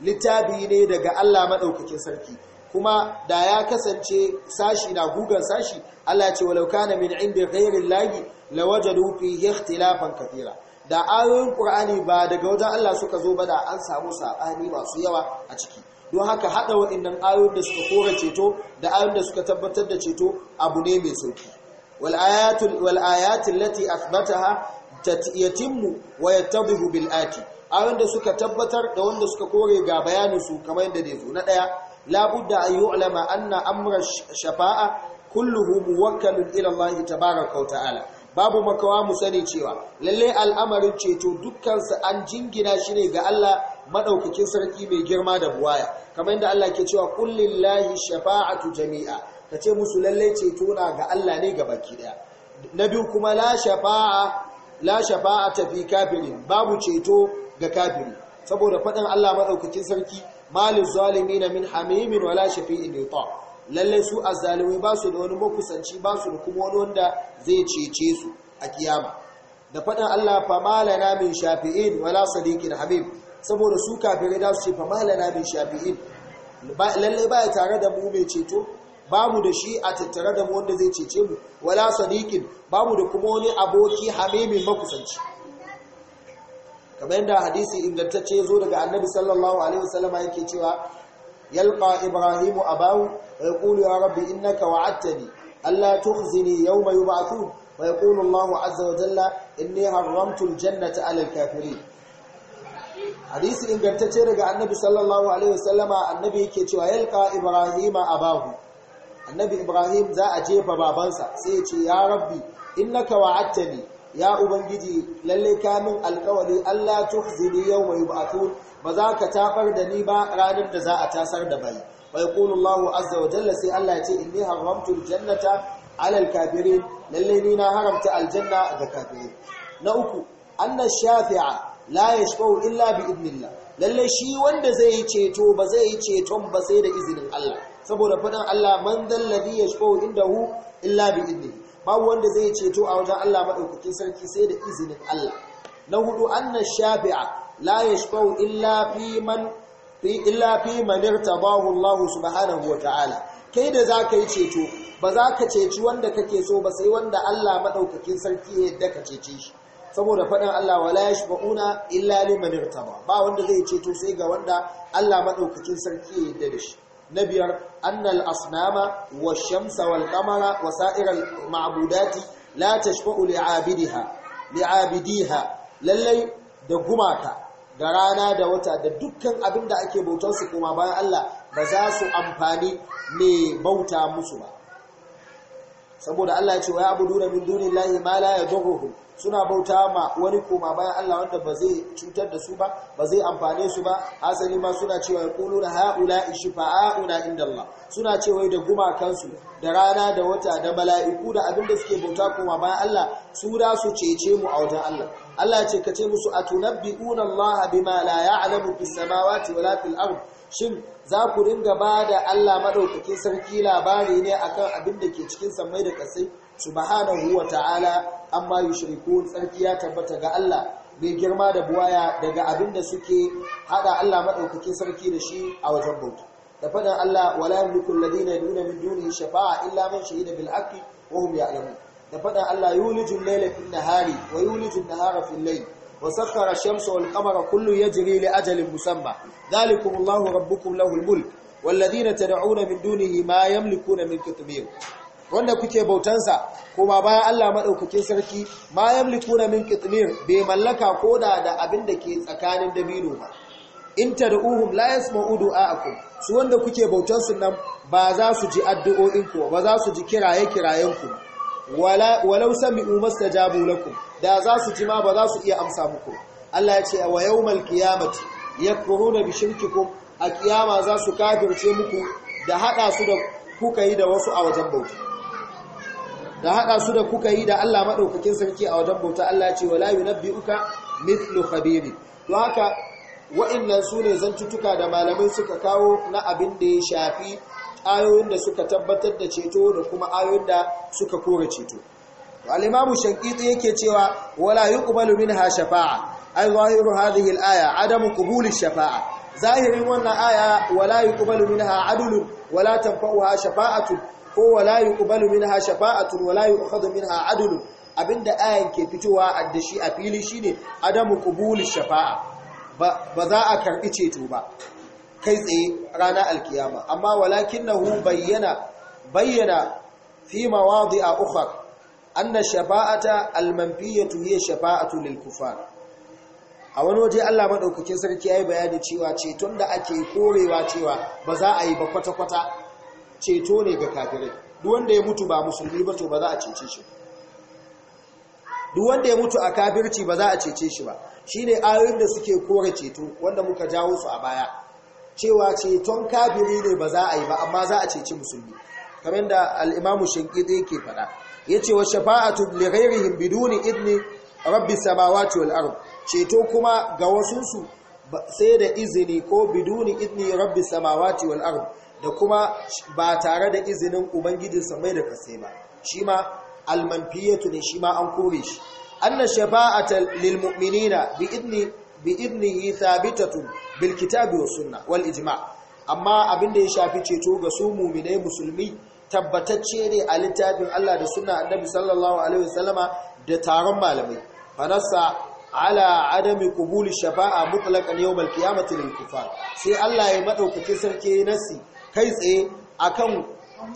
littafi ne daga Allah maɗaukakin sarki kuma da ya kasance sashi na gugan sashi Allah ce walau kana min inda ghairin lagi lawajadu fihi ikhtilafan kathira da ayoyin Qur'ani ba daga wajen Allah suka zo ba da an samu sabani masu yawa a ciki don haka hada waɗannan ayoyin da suka kora ceto da ayoyin da suka tabbatar da ceto abu ne mai sauki wal ayatul wal ayatil lati athbataha yatimmu wa yattadhihu bil ayoyin da suka tabbatar da wanda suka kore ga bayanin su kamar yadda dai zo na daya labudda an yu'lama anna amra shafa'a kulluhu muwakkalun ila Allah ta wa ta'ala babu makawa mu sani cewa lalle al'amarin ceto dukkan an jingina shi ne ga Allah madaukakin sarki mai girma da buwaya kamar yadda Allah ke cewa kullillahi shafa'atu jami'a kace musu lalle ceto na ga Allah ne ga baki daya na biyu kuma la shafa'a la ta fi kafirin babu ceto ga kafiri saboda faɗin Allah maɗaukakin sarki malin zalimi na min hamimin wala shafi'i mai ta lallai su a zalimi ba su da wani makusanci ba su da kuma wani wanda zai cece su a kiyama da faɗin Allah fa malana min shafi'in wala sadiqin habib saboda su kafirai da su ce fa malana min shafi'in lallai ba ya tare da mu mai ceto ba mu da shi a tattare da mu wanda zai cece mu wala sadiqin ba mu da kuma wani aboki hamimin makusanci kamar yadda hadisi ingantacce zo daga annabi sallallahu alaihi wasallama yake cewa yalqa ibrahimu abahu wa yaqulu ya rabbi innaka wa'adtani alla tukhzini yawma yub'athu wa yaqulu Allahu azza wa jalla inni haramtu aljannata 'ala al hadisi ingantacce daga annabi sallallahu alaihi wasallama annabi yake cewa yalqa ibrahima abahu annabi ibrahim za a jefa babansa sai ya ce ya rabbi innaka wa'adtani ya ubangiji lalle ka min alƙawari Allah tuhzini yawma yub'athun ba za ka taɓar da ni ba ranar da za a tasar da bai wa yaqulu Allahu azza wa jalla sai Allah ya ce inni haramtu aljannata ala alkafirin lalle ni na haramta aljanna ga kafirin na uku anna shafi'a la yashfa'u illa bi idnillah lalle shi wanda zai yi ceto ba zai yi ceton ba sai da izinin Allah saboda fadan Allah man dal ladhi yashfa'u indahu illa bi idnillah babu wanda zai ceto a wajen Allah maɗaukakin sarki sai da izinin Allah na hudu anna Shabi'a, la yashfa'u illa fi man illa fi man irtabahu Allah subhanahu wa ta'ala kai da zaka yi ceto ba za ka ceci wanda kake so ba sai wanda Allah maɗaukakin sarki ya yadda ka cece shi saboda faɗin Allah wala bauna illa liman irtaba ba wanda zai ceto sai ga wanda Allah madaukakin sarki ya yadda da shi na biyar annal asnama wa shamsa wal qamara wa Sa'irar Ma'abudati la tashfa'u li'abidiha li'abidiha lallai da gumaka da rana da wata da dukkan abin da ake bautar su kuma bayan Allah ba za su amfani mai bauta musu ba saboda Allah ya ce wa abudu min dunillahi ma la yadurruhum suna bauta ma wani koma bayan Allah wanda ba zai cutar da su ba ba zai amfane su ba asali ma suna cewa yaquluna haula shifa'auna inda Allah suna cewa da gumakansu da rana da wata da mala'iku da abin da suke bauta koma bayan Allah su da su cece mu a wajen Allah Allah ce ka ce musu atunabbi'una Allah bima la ya'lamu fis samawati wala fil ard shin za ku ringa ba da Allah madaukakin sarki labari ne akan abin da ke cikin samai da kasai subhanahu wa ta'ala amma yushrikun tsarki ya tabbata ga Allah mai girma da buwaya daga abinda suke hada Allah madaukakin sarki da shi a wajen bauta da fadan Allah wala yamliku alladhina yad'una min dunihi shafa'a illa man shahida bil haqqi wa hum ya'lamun da fadan Allah yulijul layla fil nahari wa yulijul nahara fil layl wa sakhkhara ash-shamsa wal qamara kullu yajri li ajalin musamma dhalikum Allahu rabbukum lahul mulk والذين تدعون من دونه ما يملكون من كتمير wanda kuke bautansa kuma bayan Allah maɗaukakin sarki ma yamlikuna min qitmir bai mallaka koda da abin da ke tsakanin dabino ba in tad'uhum la yasma'u du'a'akum su wanda kuke bautansu nan ba za su ji addu'o'in ku ba za su ji kiraye kirayen ku wala walau sami'u mastajabu lakum da za su ji ma ba za su iya amsa muku Allah ya ce wa yawmal qiyamati yakfuruna bi shirkikum a kiyama za su kafirce muku da hada su da kuka yi da wasu a wajen bauta da haɗa su da kuka yi da Allah maɗaukakin sarki a wajen bauta Allah ce wala yunabbi'uka mithlu khabiri to haka wa'annan sune ne zantuttuka da malamai suka kawo na abin da ya shafi ayoyin da suka tabbatar da ceto da kuma ayoyin da suka kore ceto al-imamu shankiti yake cewa wala yuqbalu minha shafa'a ay zahiru hadhihi al-aya adamu qubuli shafa'a zahirin wannan aya wala yuqbalu minha adlun wala tanfa'uha shafa'atu ko wala yuqbalu minha shafa'atun wala yu'khadhu minha adlun abinda ayan ke fitowa a shi a fili shine adamu qubulish shafa'a ba za a karɓi ceto ba kai tsaye rana alkiyama amma walakinahu bayyana bayyana fi mawadi'a ukhra anna shafa'ata almanfiyatu hiya shafa'atu lil a wani waje Allah madaukakin sarki yayi bayani cewa ceton da ake korewa cewa ba za a yi ba kwata-kwata ceto ne ga kafirai duk wanda ya mutu ba musulmi ba to ba za a cece shi duk wanda ya mutu a kafirci ba za a cece shi ba shine ayoyin da suke kore ceto wanda muka jawo su a baya cewa ceton kafiri ne ba za a yi ba amma za a ceci musulmi kamar da alimamu imamu yake faɗa ce wa shafa'atu li bidu biduni idni rabbi samawati wal ard ceto kuma ga wasu su sai da izini ko biduni idni rabbi samawati wal ard da kuma ba tare da izinin ubangijinsa samai da kase ba shi ma almanfiyatu ne shi ma an kore shi anna shafa'ata lil mu'minina bi bi idnihi thabitatun bil sunna wal ijma' amma abin da ya shafi ceto ga su mu'minai musulmi tabbatacce ne a littafin Allah da sunna annabi sallallahu alaihi wasallama da taron malamai fanasa ala adami kubuli shafa'a mutlaqan yawm al-qiyamati lil kufar sai Allah ya madaukake sarki nasi kai tsaye akan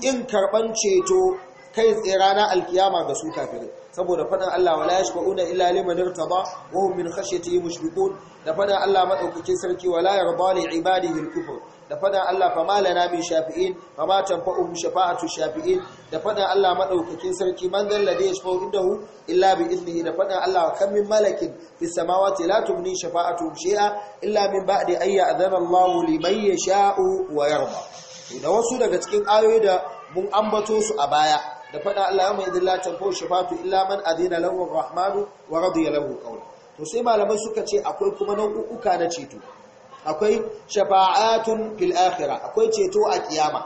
in karban ceto kai tsaye rana alkiyama ga su kafirai saboda fadan Allah wala yashfa'una illa liman irtada wa hum min khashyatihi mushrikun da fadan Allah madaukakin sarki wala yarda li ibadihi al da fadan Allah fa malana min shafi'in fa ma tanfa'uhum shafa'atu shafi'in da fadan Allah madaukakin sarki man dal ladhi yashfa'u indahu illa bi idnihi da fadan Allah kam min malakin fis samawati la tubni shafa'atu shay'a illa min ba'di ayya adana Allahu liman yasha'u wa yarda da wasu daga cikin ayoyi da mun ambato su a baya da faɗa Allah mai dilla tanfo shafatu illa man adina lahu rahmanu wa radiya lahu qawla to sai malamai suka ce akwai kuma nau'uka na ceto akwai shafa'atun fil akhirah akwai ceto a kiyama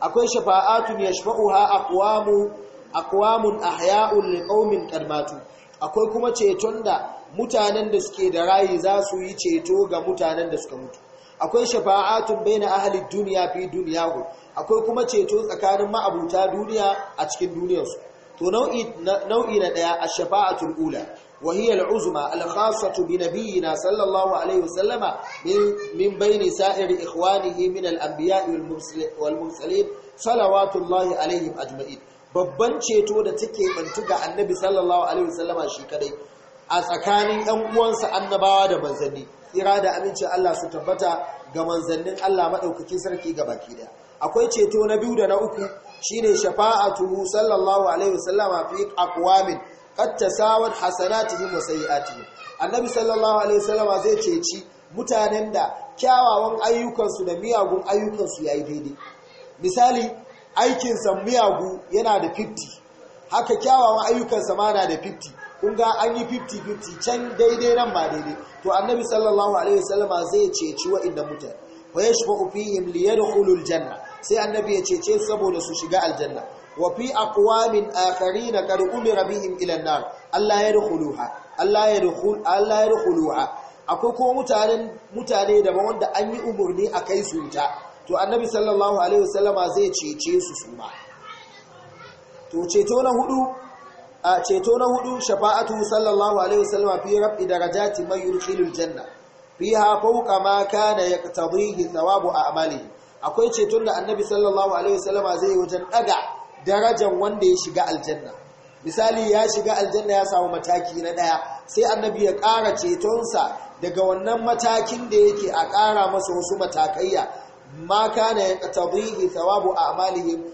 akwai shafa'atun yashfa'uha aqwamu aqwamun ahya'u liqaumin qadmatu akwai kuma ceton da mutanen da suke da rayi za su yi ceto ga mutanen da suka mutu akwai shafa'atun baina ahli duniya fi duniyahu akwai kuma ceto tsakanin ma'abuta duniya a cikin duniyarsu to nau'i nau'i na daya ash-shafa'atul ula wa hiya al al-khassatu bi nabiyyina sallallahu alaihi wasallama min baini sa'iri ikhwanihi min al-anbiya'i wal mursalin salawatullahi alaihim ajma'in babban ceto da take bantu ga annabi sallallahu alaihi wasallama shi kadai a tsakanin ɗan uwansa annabawa da manzanni tsira da amincin Allah su tabbata ga manzannin Allah maɗaukakin sarki ga baki da akwai ceto na biyu da na uku Shi shine tuhu sallallahu alaihi wasallama fi aqwamin qad tasawat hasanatihim wa sayi'atihim annabi sallallahu alaihi wasallama zai ceci mutanen da kyawawan ayyukansu da miyagun ayyukansu ya yi daidai misali aikinsa miyagu yana da 50 haka kyawawan ayyukansa ma na da 50 kun ga an yi 50-50 can daidai nan ba daidai to annabi sallallahu alaihi wasallama zai ceci inda mutane wa yin liyar hulul janna sai annabi ya cece saboda su shiga aljanna wa fi aqwamin akharina kad umira bihim ila an-nar Allah yadkhuluha Allah ya rikulu ha akwai ko mutane da wanda an yi umarni a kai su ta to annabi sallallahu alaihi wasallama zai cece su su ba to ceto na hudu a ceto na hudu shafa'atu sallallahu alaihi wasallam fi rafi darajati man yurkilul janna fiha fawqa ma kana yaqtadihi thawabu a'mali akwai ceton da annabi sallallahu alaihi wasallam zai wajen daga darajar wanda ya shiga aljanna misali ya shiga aljanna ya samu mataki na daya sai annabi ya ƙara cetonsa daga wannan matakin da yake a kara masa wasu matakaiya ma kana yaqtadihi thawabu a'malihim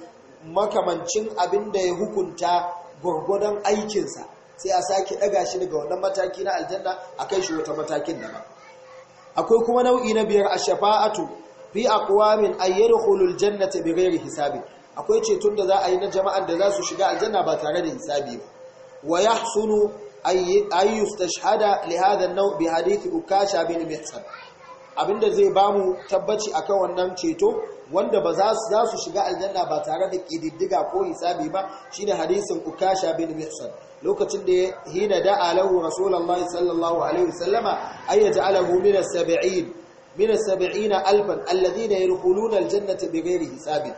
makamancin abin da ya hukunta gwargwadon aikinsa sai a sake ɗaga shi daga wannan mataki na aljanna a kai shi wata matakin ba. akwai kuma nau'i na biyar a shafa'atu fi aqwamin hulul jannata bighairi hisabi akwai ceton da za a yi na jama'an da za su shiga aljanna ba tare da hisabi ba wa yahsunu ay yustashhada li hadha an-naw' bi hadith ukasha bin mihsan abinda zai bamu tabbaci akan wannan ceto wanda ba za su shiga aljanna ba tare da ƙididdiga ko hisabi ba shine hadisin ukasha bin mihsan lokacin da hina da'a alahu rasulullahi sallallahu alaihi wasallama ay yaj'alahu min as min as alfan alladhina yadkhuluna al-jannata bighairi hisabi.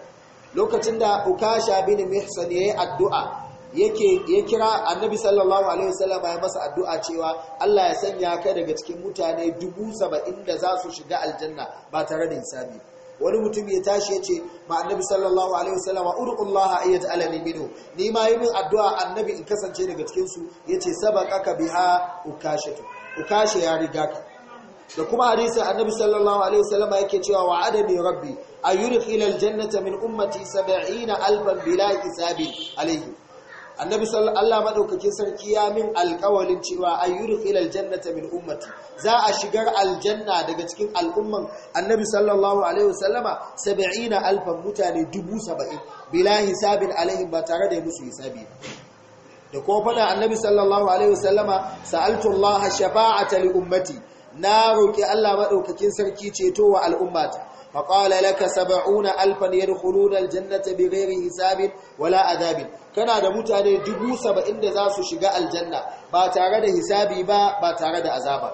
lokacin da ukasha bin mihsan yi addu'a yake ya kira annabi sallallahu alaihi wasallam ya masa addu'a cewa Allah ya sanya ka daga cikin mutane dubu saba'in da za su shiga aljanna ba tare da hisabi wani mutum ya tashi ya ce ma annabi sallallahu alaihi wasallam ud'ullaha alani minhu ni ma yi min addu'a annabi in kasance daga cikin su yace sabaqaka biha ukashe ya riga ka da kuma hadisin annabi sallallahu alaihi wasallam yake cewa wa'adani rabbi ayudkhilal jannata min ummati 70000 bila hisabi alaihi annabi sallallahu Allah madaukakin sarki ya min alƙawalin cewa ayyurkhil aljannata min ummati za a shigar aljanna daga cikin al'umman annabi sallallahu alaihi wasallama 70000 mutane 70 bila hisabin alaihim ba tare da musu hisabi da ko fada annabi sallallahu alaihi wasallama sa'altu Allah shafa'ata li ummati na roki Allah madaukakin sarki ceto wa al'ummata فقال لك سبعون ألفا يدخلون الجنة بغير حساب ولا عذاب kana da mutane dubu saba'in da za su shiga aljanna ba tare da hisabi ba tare da azaba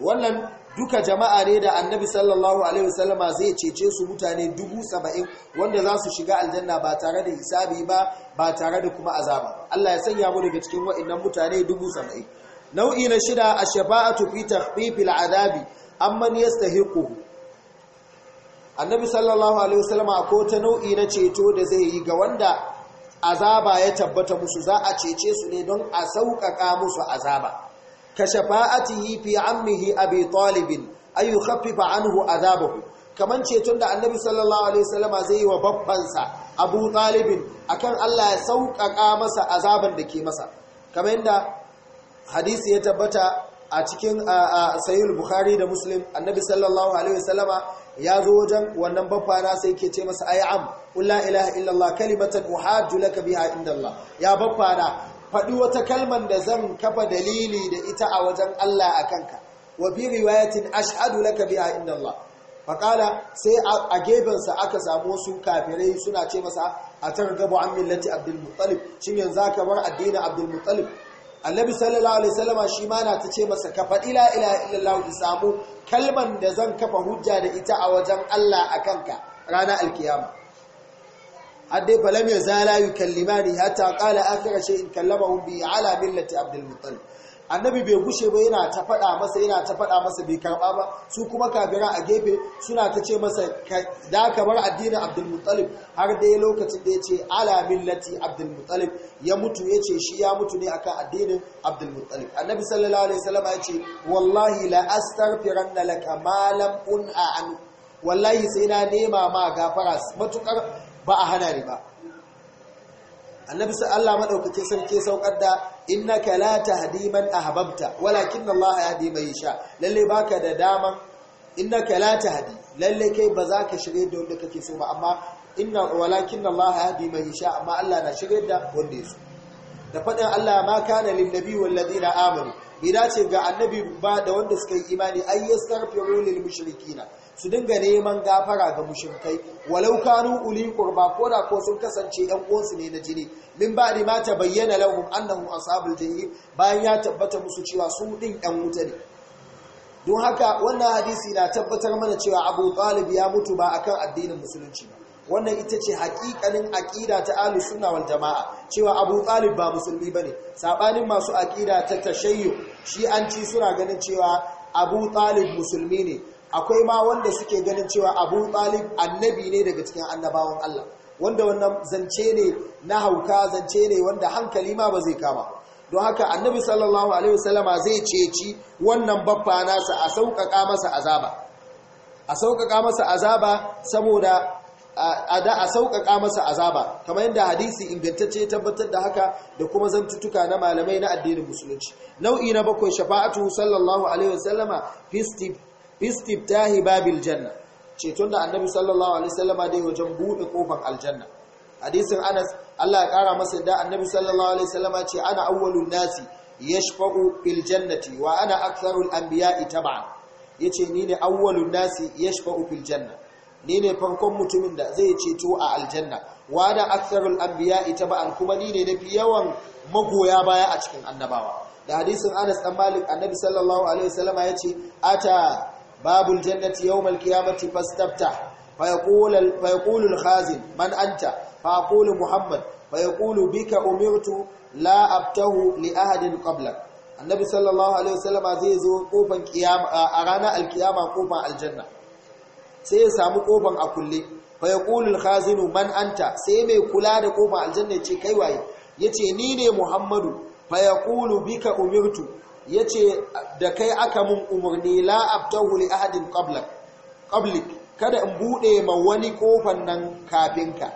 wannan duka jama'a ne da annabi sallallahu alaihi wasallama zai cece su mutane dubu saba'in wanda za su shiga aljanna ba tare da hisabi ba ba tare da kuma azaba Allah ya sanya mu daga cikin wa'annan mutane dubu saba'in nau'i na shida a shafa'atu fi takhfifil azabi amman yastahiquhu annabi sallallahu alaihi wasallama ko ta nau'i na ceto da zai yi ga wanda azaba ya tabbata musu za a cece su ne don a sauƙaƙa musu azaba ka shafa'atihi fi ammihi abi talibin ay yukhaffifa anhu azabahu Kamar ceton da annabi sallallahu alaihi wasallama zai yi wa babbansa abu talibin kan Allah ya sauƙaƙa masa azaban da ke masa kamar yadda hadisi ya tabbata a cikin sahih bukhari da muslim annabi sallallahu alaihi wasallama ya zo wajen wannan baffana sai ke ce masa ayi am la ilaha illallah kalimatan uhajju laka biha inda Allah ya na, faɗi wata kalman da zan kafa dalili da ita a wajen Allah a kanka wa bi riwayatin ashhadu laka biha inda Allah sai a gefensa aka samu su kafirai suna ce masa a targabu an millati abdul muttalib shin yanzu ka bar addinin abdul muttalib annabi sallallahu alaihi wasallama shi ma na ta ce masa ka faɗi la ilaha illallah samu kalman da zan kafa hujja da ita a wajen Allah a kanka ranar alkiyama haddai falam ya zala yukallimani hatta qala akhira shay'in kallamahu bi ala millati abdul annabi bai bushe ba yana ta faɗa masa yana ta faɗa masa bai karɓa ba su kuma kafira a gefe suna ta ce masa da kamar bar addinin abdulmuttalib har dai lokacin da ya ce ala millati abdulmuttalib ya mutu ya ce shi ya mutu ne akan addinin abdulmuttalib annabi sallallahu alaihi wasallam ya ce wallahi la laka ma lam an wallahi sai na nema ma gafara matukar ba a hana ni ba annabi sallallahu madaukakin sarki saukar da innaka la tahdi man ahbabta walakin Allah yahdi man yasha lalle baka da daman innaka la tahdi lalle kai ba za ka shirye da wanda kake so ba amma inna walakin Allah yahdi man yasha amma Allah na shirye da wanda yake da fadin Allah ma kana lin nabi wal ladina amanu bi dace ga annabi ba da wanda suka yi imani ayyastarfiru lil mushrikina su dinga neman gafara ga mushrikai walau kanu uli qurba ko da ko sun kasance ɗan uwansu ne na jini min ni ma ta bayyana lahum annahum ashabul jahim bayan ya tabbata musu cewa su ɗin yan wuta ne don haka wannan hadisi na tabbatar mana cewa Abu Talib ya mutu ba akan addinin musulunci wannan ita ce hakikanin aƙida ta ahlus sunna wal jamaa cewa Abu Talib ba musulmi bane Saɓanin masu aƙida ta Tashayyo, shi an ci suna ganin cewa Abu Talib musulmi ne akwai ma wanda suke ganin cewa abu talib annabi ne daga cikin annabawan Allah wanda wannan zance ne na hauka zance ne wanda hankali ma ba zai kama don haka annabi sallallahu alaihi wasallama zai ceci wannan babba nasa a sauƙaƙa masa azaba a sauƙaƙa masa azaba saboda da a sauƙaƙa masa azaba kamar yadda hadisi ingantacce tabbatar da haka da kuma zantutuka na malamai na addinin musulunci nau'i na bakwai shafa'atu sallallahu alaihi wasallama fi istiftahi babil janna ceton da annabi sallallahu alaihi wasallama dai wajen bude kofar aljanna hadisin Anas Allah ya kara masa da annabi sallallahu alaihi wasallama ce ana awwalun nasi yashfa'u fil jannati wa ana aktharul anbiya'i tab'an yace ni ne awwalun nasi yashfa'u fil janna ni ne farkon mutumin da zai ceto a aljanna wa ana aktharul anbiya'i tab'an kuma ni ne nafi yawan magoya baya a cikin annabawa da hadisin Anas dan Malik annabi sallallahu alaihi wasallama yace ata babul jannati yawmal qiyamati fastafta فيقول فيقول الخازن Muhammad, أنت فأقول محمد فيقول بك أمرت لا أبته لأحد قبلك النبي صلى الله عليه وسلم zai zo kofan kiyama a ranar alkiyama kofan aljanna sai ya samu kofan a kulle fa yaqulu al-khazinu man anta sai mai kula da kofan aljanna ce kai waye yace ni ne muhammadu fa yaqulu bika umirtu ya ce da kai aka mun umarni la'abtahu li ahadin qablik kada in buɗe ma wani ƙofan nan kafinka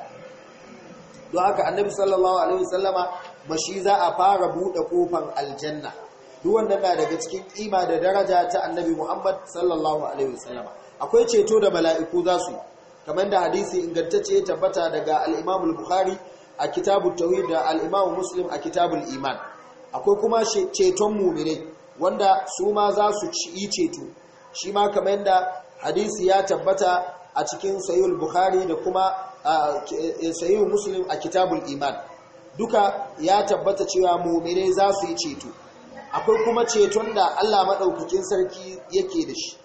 don haka annabi sallallahu alaihi wasallama ba shi za a fara buɗe ƙofan aljanna duk wanda na daga cikin ƙima da daraja ta annabi muhammad sallallahu alaihi wasallama akwai ceto da mala'iku za su kamar da hadisi ingantacce ya tabbata daga al'imamul bukhari a kitabul tawhid da Al'imamul muslim a kitabul iman akwai kuma ceton mumire wanda su ma za su yi ceto shi ma kamar yadda hadisi ya tabbata a cikin sayul bukhari da kuma e, sayul muslim a kitabul iman duka ya tabbata cewa mumire za su yi ceto akwai kuma ceton da allah maɗaukakin sarki yake da shi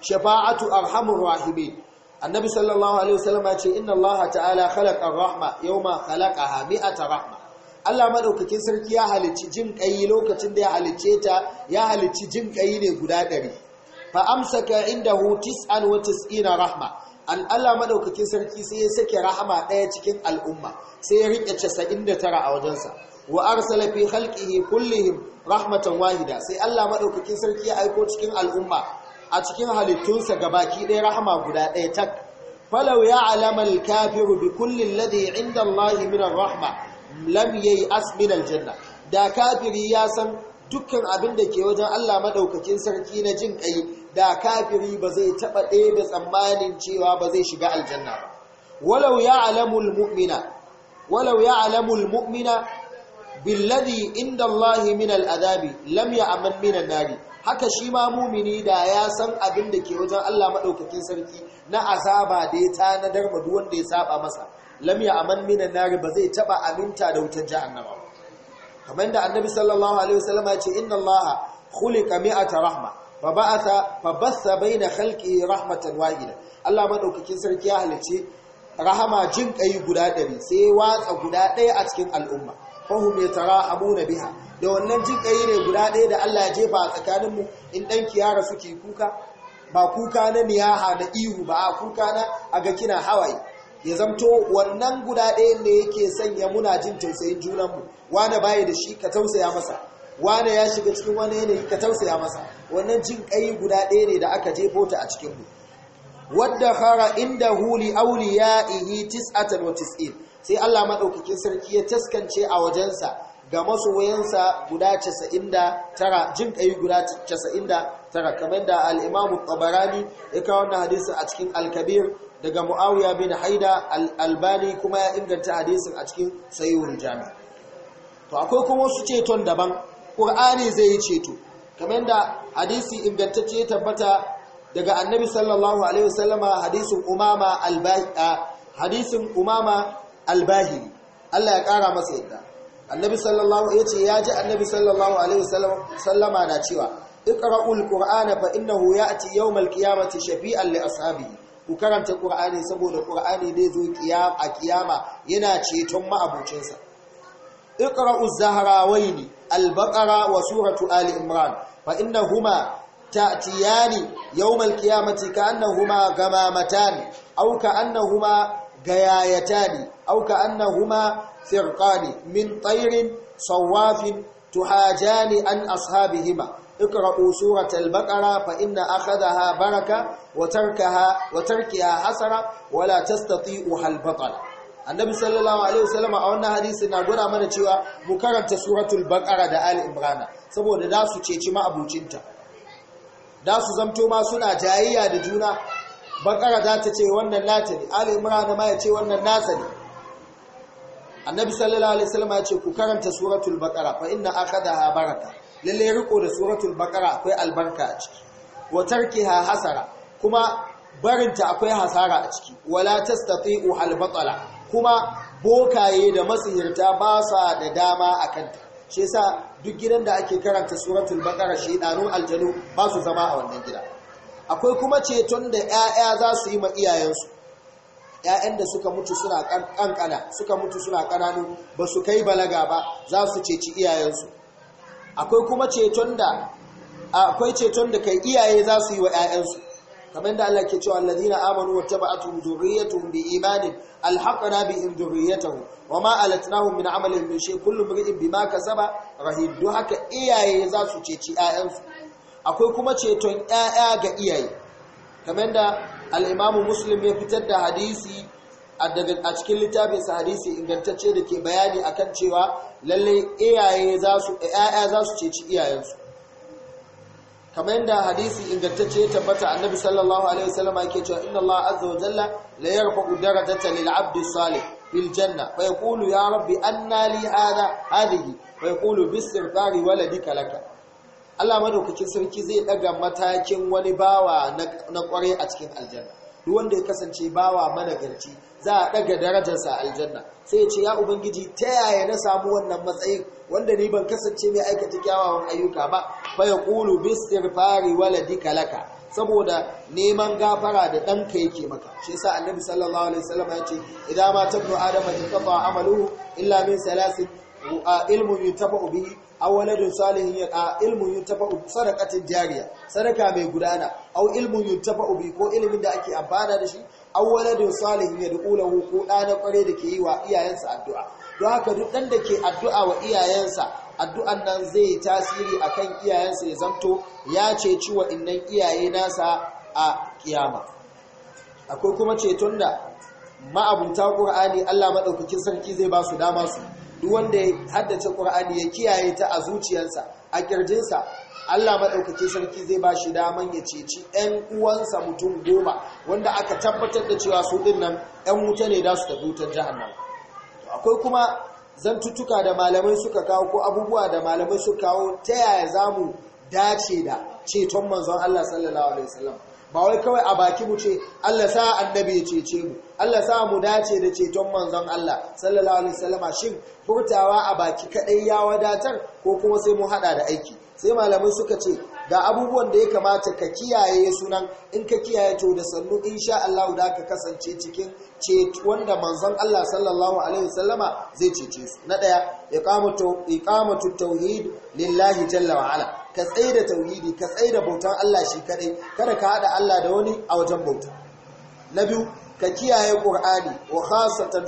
shafa'atu arhamur rahimin annabi sallallahu alaihi wasallam ya ce inna allaha ta'ala khalaqa rahma yawma khalaqaha mi'ata rahma Allah madaukakin sarki ya halicci jin kai lokacin da ya halicce ta ya halicci jin kai ne guda 100 fa amsaka indahu 99 rahma an Allah madaukakin sarki sai ya sake rahama daya cikin al'umma sai ya rike 99 a wajensa wa arsala fi khalqihi kullihim rahmatan wahida sai Allah madaukakin sarki ya aiko cikin al'umma a cikin halittunsa gabaki ɗaya rahama guda ɗaya tak falau ya alamal kafiru bi kulli alladhi inda Allah min rahma lam yayi asmin aljanna da kafiri ya san dukkan abin da ke wajen Allah madaukakin sarki na jin kai da kafiri ba zai taba da tsammanin cewa ba zai shiga aljanna ba walau ya'lamu almu'mina walau ya'lamu almu'mina billadhi inda Allah min al'adabi lam ya'man min an-nari haka shi ma mumini da ya san abin da ke wajen Allah madaukakin sarki na azaba da ya tanadar ma duk wanda ya saba masa lamya aman minan nari ba zai taba aminta da wutar jahannama kamar da annabi sallallahu alaihi wasallam ya ce inna allaha khuliqa mi'ata rahma fa ba'atha fa bassa baina khalqi rahmatan wahida Allah madaukakin sarki ya halice rahama jin kai guda ɗari sai watsa guda ɗaya a cikin al'umma fahum yatara'abuna biha da wannan jin kai ne guda ɗaya da Allah ya jefa a tsakanin mu in dan kiyara suke kuka ba kuka na niyaha da ihu ba kuka na A ga kina hawaye ya zamto wannan guda ɗaya ne yake sanya muna jin tausayin junanmu wane baya da shi ka tausaya masa wane ya shiga cikin wani yanayi ka tausaya masa wannan jin ƙai guda ɗaya ne da aka jefo ta a cikinmu wadda fara inda huli auliya ihi tis'atan wa tis'in sai Allah maɗaukakin sarki ya taskance a wajensa ga masu wayansa guda 99 jin kai guda 99 kamar da al-Imam tabarani ya kawo wannan hadisin a cikin al-Kabir daga Muawiya bin Haida al-Albani kuma ya inganta hadisin a cikin Sahihul Jami to akwai kuma wasu ceton daban Qur'ani zai yi ceto kamar da hadisi ingantacce ya tabbata daga Annabi sallallahu alaihi wasallama hadisin Umama al Allah ya kara masa yadda annabi sallallahu yace ya ji annabi sallallahu alaihi sallama na cewa ikra'ul qur'ana fa innahu ya'ti yawmal qiyamati shafi'an li ashabihi ku karanta qur'ani saboda qur'ani dai zo a kiyama yana ceton ma'abucinsa zahra zahrawaini al-baqara wa suratu ali imran fa innahuma ta'tiyani yawmal qiyamati ka'annahuma gamamatan aw ka'annahuma gayayatani aw ka annahuma firqani min tayrin sawafin tuhajani an ashabihima اقرأوا سورة البقرة فإن أخذها بركة وتركها وتركها حسرة ولا تستطيعها البطل annabi sallallahu alaihi wasallama a wannan hadisi na gwada mana cewa mu karanta suratul baqara da ali imrana saboda da su ceci ma'abucinta da su zamto ma suna jayayya da juna bakara za ta ce wannan nata ne ali na ma ya ce wannan nata ne annabi sallallahu alaihi salama ya ce ku karanta suratul bakara fa inna akhadaha baraka lalle riko da suratul bakara akwai albarka a ciki ki ha hasara kuma barinta akwai hasara a ciki wala tastati'u al batala kuma bokaye da masihirta ba sa da dama a kanta. shi sa duk gidan da ake karanta suratul shi shedanun aljanu ba su zama a wannan gida akwai kuma ceton da 'ya'ya za su yi ma’iyayensu iyayensu ‘ya'yan da suka mutu suna ƙanƙana suka mutu suna ƙananu ba su kai balaga ba za su ceci iyayensu akwai kuma ceton da akwai ceton da kai iyaye za su yi wa ‘ya'yansu kamar da Allah ke cewa alladhina amanu wa taba'atuhum dhurriyyatuhum bi imanin alhaqna bihim dhurriyyatahum wa ma alatnahum min amalin min shay kullu imrin bima kasaba rahid haka iyaye za su ceci ‘ya'yansu akwai kuma ceton ƴaƴa ga iyaye kamar da al-Imam ya fitar da hadisi a cikin littafin sa hadisi ingantacce da ke bayani akan cewa lalle iyaye za su ƴaƴa za su ceci iyayensu kamar da hadisi ingantacce ya tabbata annabi sallallahu alaihi wasallam yake cewa inna Allah azza wa jalla la yarfa'u darajata lil 'abdi salih fil janna fa yaqulu ya rabbi anna li hadha hadhihi fa yaqulu bi istighfari waladika laka Allah madaukakin sarki zai daga matakin wani bawa na kwarai a cikin aljanna duk wanda ya kasance bawa managarci za a daga darajarsa aljanna sai ya ce ya ubangiji ta yaya na samu wannan matsayin wanda ni ban kasance mai aikata kyawawan ayyuka ba fa yaqulu bistighfari Waladi, Kalaka. saboda neman gafara da ɗanka yake maka shi yasa annabi sallallahu alaihi wasallam ya ce idan ma tabnu adama taqata amaluhu illa min salasin ilmu yutaba'u bihi aw salihin ya ilmun yuntafa'u sadaqatin jariya sadaka mai gudana aw ilmun yuntafa'u bi ko ilimin da ake amfana da shi aw waladun salihin ya ko da na kware da ke yi wa iyayensa addu'a don haka duk dan da ke addu'a wa iyayensa addu'an nan zai tasiri akan iyayensa ya zanto ya ceci wa innan iyaye nasa a kiyama akwai kuma ceton da ma'abuta ƙur'ani Allah maɗaukacin sarki zai ba su dama su duk wanda ya haddace Qur'ani ya kiyaye ta a zuciyarsa a kirjinsa Allah maɗaukacin sarki zai ba shi daman ya ceci 'yan uwansa mutum goma wanda aka tabbatar da cewa su ɗin nan 'yan wuta ne da su tafi wutar nan. akwai kuma zantuttuka da malamai suka kawo ko abubuwa da malamai suka kawo ta yaya za mu dace da ceton manzon Allah sallallahu alaihi wasallam ba wai kawai a baki mu ce Allah sa annabi ya cece mu Allah sa mu dace da ceton manzon Allah sallallahu alaihi wasallama shin furtawa a baki kadai ya wadatar ko kuma sai mu hada da aiki sai malamai suka ce ga abubuwan da ya kamata ka kiyaye sunan in ka kiyaye to da sannu insha Allah da ka kasance cikin wanda manzon Allah sallallahu alaihi wasallama zai cece su na daya iqamatu iqamatu tauhid lillahi jalla wa ala ka tsaye da tauhidi ka tsaye da bautan Allah shi kadai kada ka hada Allah da wani a wajen bauta na biyu ka kiyaye qur'ani wa khasatan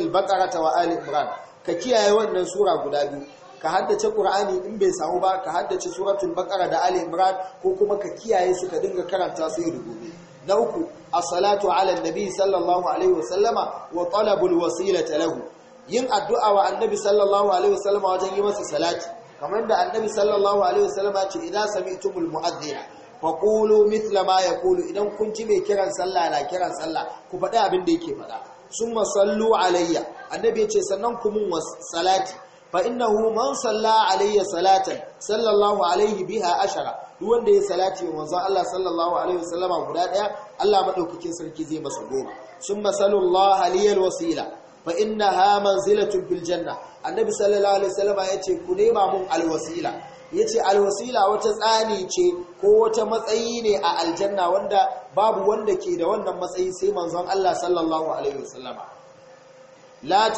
al baqara wa ali imran ka kiyaye wannan sura guda biyu ka haddace qur'ani in bai samu ba ka haddace suratul baqara da ali imran ko kuma ka kiyaye su ka dinga karanta su da gobe na uku as-salatu ala an-nabi sallallahu alaihi wa sallama wa talabul wasilata lahu yin addu'a wa annabi sallallahu alaihi wa sallama wajen yi masa salati kamar da annabi sallallahu alaihi wasallama ce idan sami'tumul mu'adhdhina faqulu mithla ma yaqulu idan kun ji mai kiran sallah na kiran sallah ku faɗi abin da yake faɗa summa sallu alayya annabi ya ce sannan ku mun salati fa innahu man salla alayya salatan sallallahu alaihi biha ashara duk wanda ya salati wa manzo Allah sallallahu alaihi wasallama guda daya Allah madaukakin sarki zai masa goma summa sallallahu aliyal wasila fa innaha manzilatun fil janna annabi sallallahu alaihi wasallama yace ku nema mun alwasila yace alwasila wata tsani ce ko wata matsayi ne a aljanna wanda babu wanda ke da wannan matsayi sai manzon Allah sallallahu alaihi wasallama la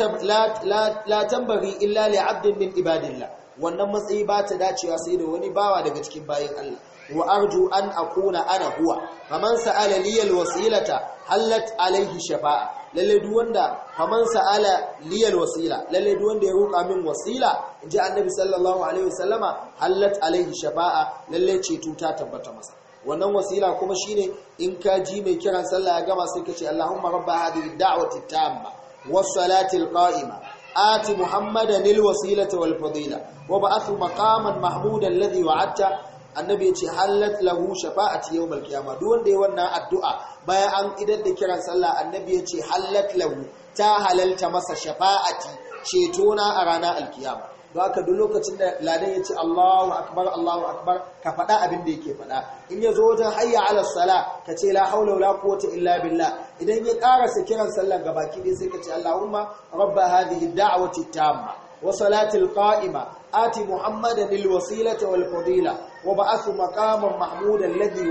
la la tambari illa li 'abdin min ibadillah wannan matsayi ba ta dacewa sai da wani bawa daga cikin bayin Allah wa arju an akuna ana huwa faman sa'ala li alwasilata halat alaihi shafa'a lalle duk wanda faman sa'ala liyal wasila lalle duk wanda ya roƙa min wasila inji annabi sallallahu alaihi wasallama hallat alaihi shafa'a lalle ce ta tabbata masa wannan wasila kuma shine in ka ji mai kiran sallah ya gama sai ka ce Allahumma rabba hadhihi da'wati tamma was salati al qa'ima آت محمدا الوسيلة والفضيلة وبعث مقاما محمودا الذي وعدته annabi ya ce halat lahu shafa'ati yawmal qiyama duk wanda ya wannan addu'a bayan an idan da kiran sallah annabi ya ce halat lahu ta halalta masa shafa'ati ceto na a ranar alkiyama don haka duk lokacin da ladan ya ce Allahu akbar Allahu akbar ka faɗa abin da yake faɗa in ya zo wajen hayya ala sala ka ce la haula wala quwwata illa billah idan ya karasa kiran ga gabaki ɗaya sai ka ce Allahumma rabba hadhihi da'wati tamma wa salatil qa'ima ati muhammadan lil wasilati wal fadila wa ba'athu maqaman mahmudan ladhi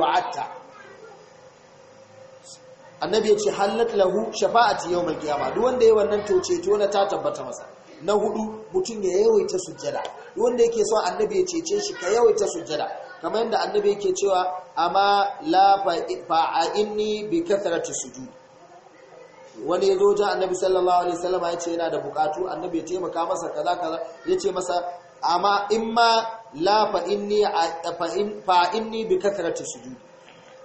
annabi yace halat lahu shafa'ati yawm al-qiyamah duk wanda yayi wannan toce to na ta tabbata masa na hudu mutum ya yawaita sujjada duk wanda yake so annabi ya cece shi ka yawaita sujjada kamar yanda annabi yake cewa amma la fa'inni bi kathrati sujud wani ya zo ja annabi sallallahu alaihi wasallam ya yana da bukatu annabi ya taimaka masa kaza kaza ya masa amma in la fa inni fa inni bi kathrati sujud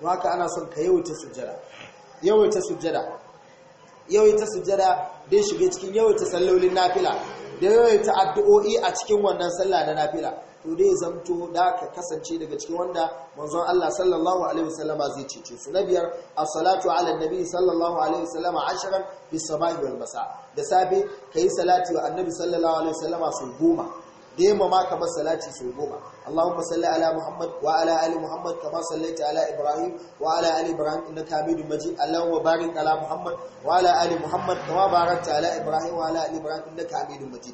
haka ana son ka yawaita sujjada yawaita sujjada yawaita sujjada dai shige cikin yawaita sallolin nafila da yawaita addu'o'i a cikin wannan sallah da nafila to dai zamto da ka kasance daga cikin wanda manzon Allah sallallahu alaihi wasallama zai cece su na biyar as-salatu ala nabi sallallahu alaihi wasallama asharan bis sabahi wal masa da safe kai salati wa annabi sallallahu alaihi wasallama sun goma da yamma ma kamar salati sau goma Allahumma salli ala Muhammad wa ala ali Muhammad kama sallaita ala Ibrahim wa ala ali Ibrahim innaka Hamidum Majid Allahumma barik ala Muhammad wa ala ali Muhammad kama barakta ala Ibrahim wa ala ali Ibrahim innaka Hamidum Majid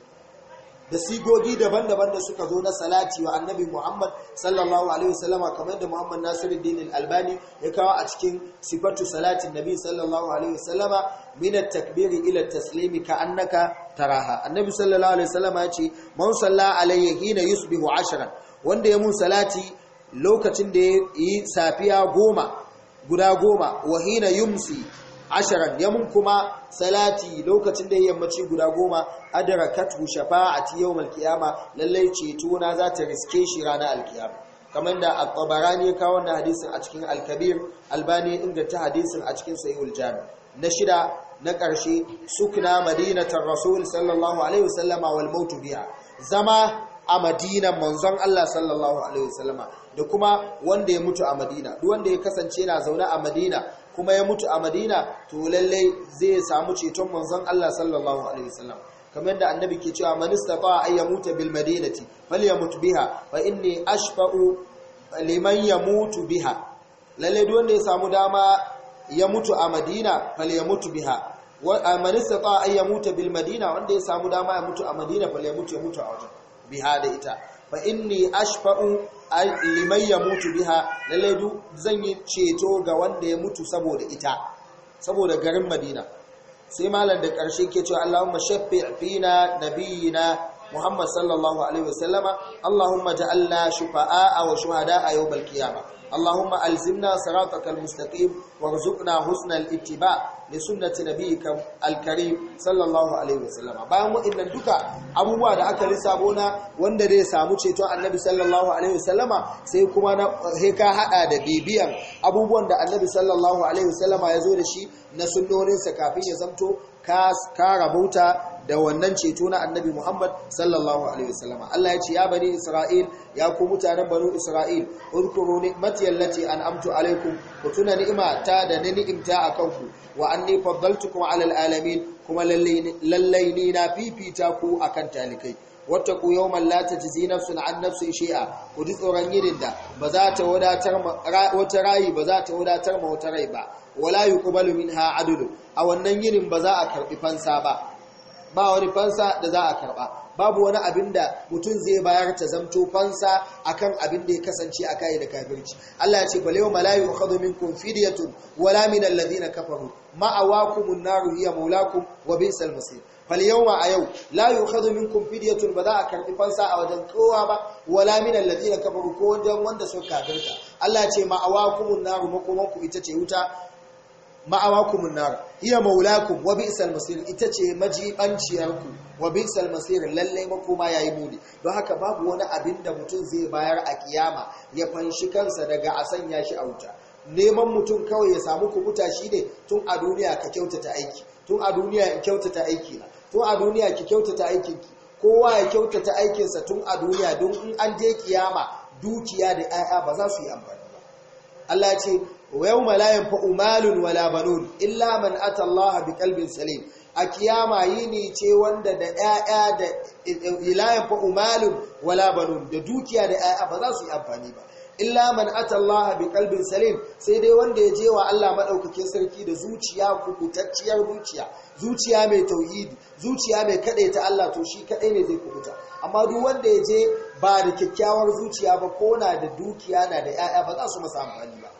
da sigogi daban-daban da suka zo na salati wa annabi Muhammad sallallahu alaihi wasallama kamar da Muhammad Nasiruddin Al-Albani ya kawo a cikin sifatu salatin nabi sallallahu alaihi wasallama min at-takbir ila at-taslim ka annaka taraha annabi sallallahu alaihi wasallama ya ce man salla alayhi hina yusbihu ashran wanda ya mun salati lokacin da ya yi safiya goma guda goma wa hina yumsi asharan yamin kuma salati lokacin da yammaci guda goma adrakatu shafa'ati yau malkiyama Lallai, ceto na za ta riske shi ranar alkiyama kamar da a tsabara ne kawo na hadisin a cikin alkabir albani inganta hadisin a cikin sahihul jami na shida na ƙarshe sukna madinatar rasul sallallahu alaihi wasallama wal mautu biya zama a madinan manzon Allah sallallahu alaihi wasallama da kuma wanda ya mutu a madina duk wanda ya kasance na zaune a madina kuma ya mutu a madina to lallai zai samu ceton manzon Allah sallallahu alaihi wasallam kamar da annabi ke cewa man istata ay yamuta bil madinati falyamut biha fa inni ashfa'u liman yamutu biha Lallai duk wanda ya samu dama ya mutu a madina falyamut biha wa man istata ay yamuta bil madina wanda ya samu dama ya mutu a madina falyamut ya mutu a wajen biha da ita fa inni ashfa'u limai ya mutu biha lalle duk zan yi ceto ga wanda ya mutu saboda ita saboda garin madina sai malam da ƙarshe ke cewa allahumma shaffi fina nabiyina muhammad sallallahu alaihi wasallama allahumma ja'alna shufa'a wa yau balkiya ba اللهم ألزمنا صراطك المستقيم وارزقنا حسن الاتباع لسنة نبيك الكريم صلى الله عليه وسلم bayan waɗannan duka abubuwa da aka lissafo wanda zai samu ceton annabi sallallahu alaihi wasallama sai kuma na haɗa da bibiyan abubuwan da annabi sallallahu alaihi wasallama ya zo da shi na sunnoninsa kafin ya zamto ka ka rabauta da wannan ceto na annabi Muhammad sallallahu alaihi wasallama Allah ya ce ya bani Isra'il ya ku mutanen banu Isra'il udkuru ni'mati an an'amtu alaikum ku tuna ni'ima ta da ni ni'imta akan ku wa anni kuma alal alamin kuma lallai ni na fifita ku akan talikai wattaku yawman la tajzi nafsun an nafsin shay'a ku ji tsoron yinin da ba za ta wadatar wata rayi ba za ta wadatar ma wata rai ba wala yuqbalu minha adlu a wannan yinin ba za a karbi fansa ba ba wani fansa da za a karba babu wani abin da mutum zai bayar ta zamto fansa akan abin da ya kasance a kayi da kafirci Allah ya ce bal yawma la yu'khadhu minkum fidyatun wala min alladhina kafaru ma'awakumun naru hiya maulakum wa bi'sal masir fal yawma a yau la yu'khadhu minkum fidyatun ba za a karbi fansa a wajen kowa ba wala min alladhina kafaru ko wajen wanda suka kafirta Allah ya ce ma'awakumun naru makomanku ita ce wuta ma'awakumun nar iya maulakum wa bi'sal masir ita ce majibanciyarku wa bi'sal masir lalle makoma yayi mudi don haka babu wani abin da mutum zai bayar a kiyama ya fanshi kansa daga a sanya shi a wuta neman mutum kawai ya samu kubuta ne tun a duniya ka kyautata aiki tun a duniya in kyautata aiki na tun a duniya ki kyautata aikin ki kowa ya kyautata aikinsa tun a duniya don in an je kiyama dukiya da 'ya'ya ba za su yi amfani ba Allah ce ويوم لا ينفع مال ولا بنون إلا من A الله بقلب سليم wanda da ƴaƴa da دا fa umalun wala banun Da dukiya da ƴaƴa ba za su yi amfani ba. illa man atallaha bi salim sai dai wanda ya je wa Allah madaukakin sarki da zuciya kubutacciyar zuciya zuciya mai tauhidi zuciya mai ta Allah to shi kadai ne zai kubuta amma duk wanda ya je ba da kyakkyawar zuciya ba ko na da dukiya na da yaya ba za su masa amfani ba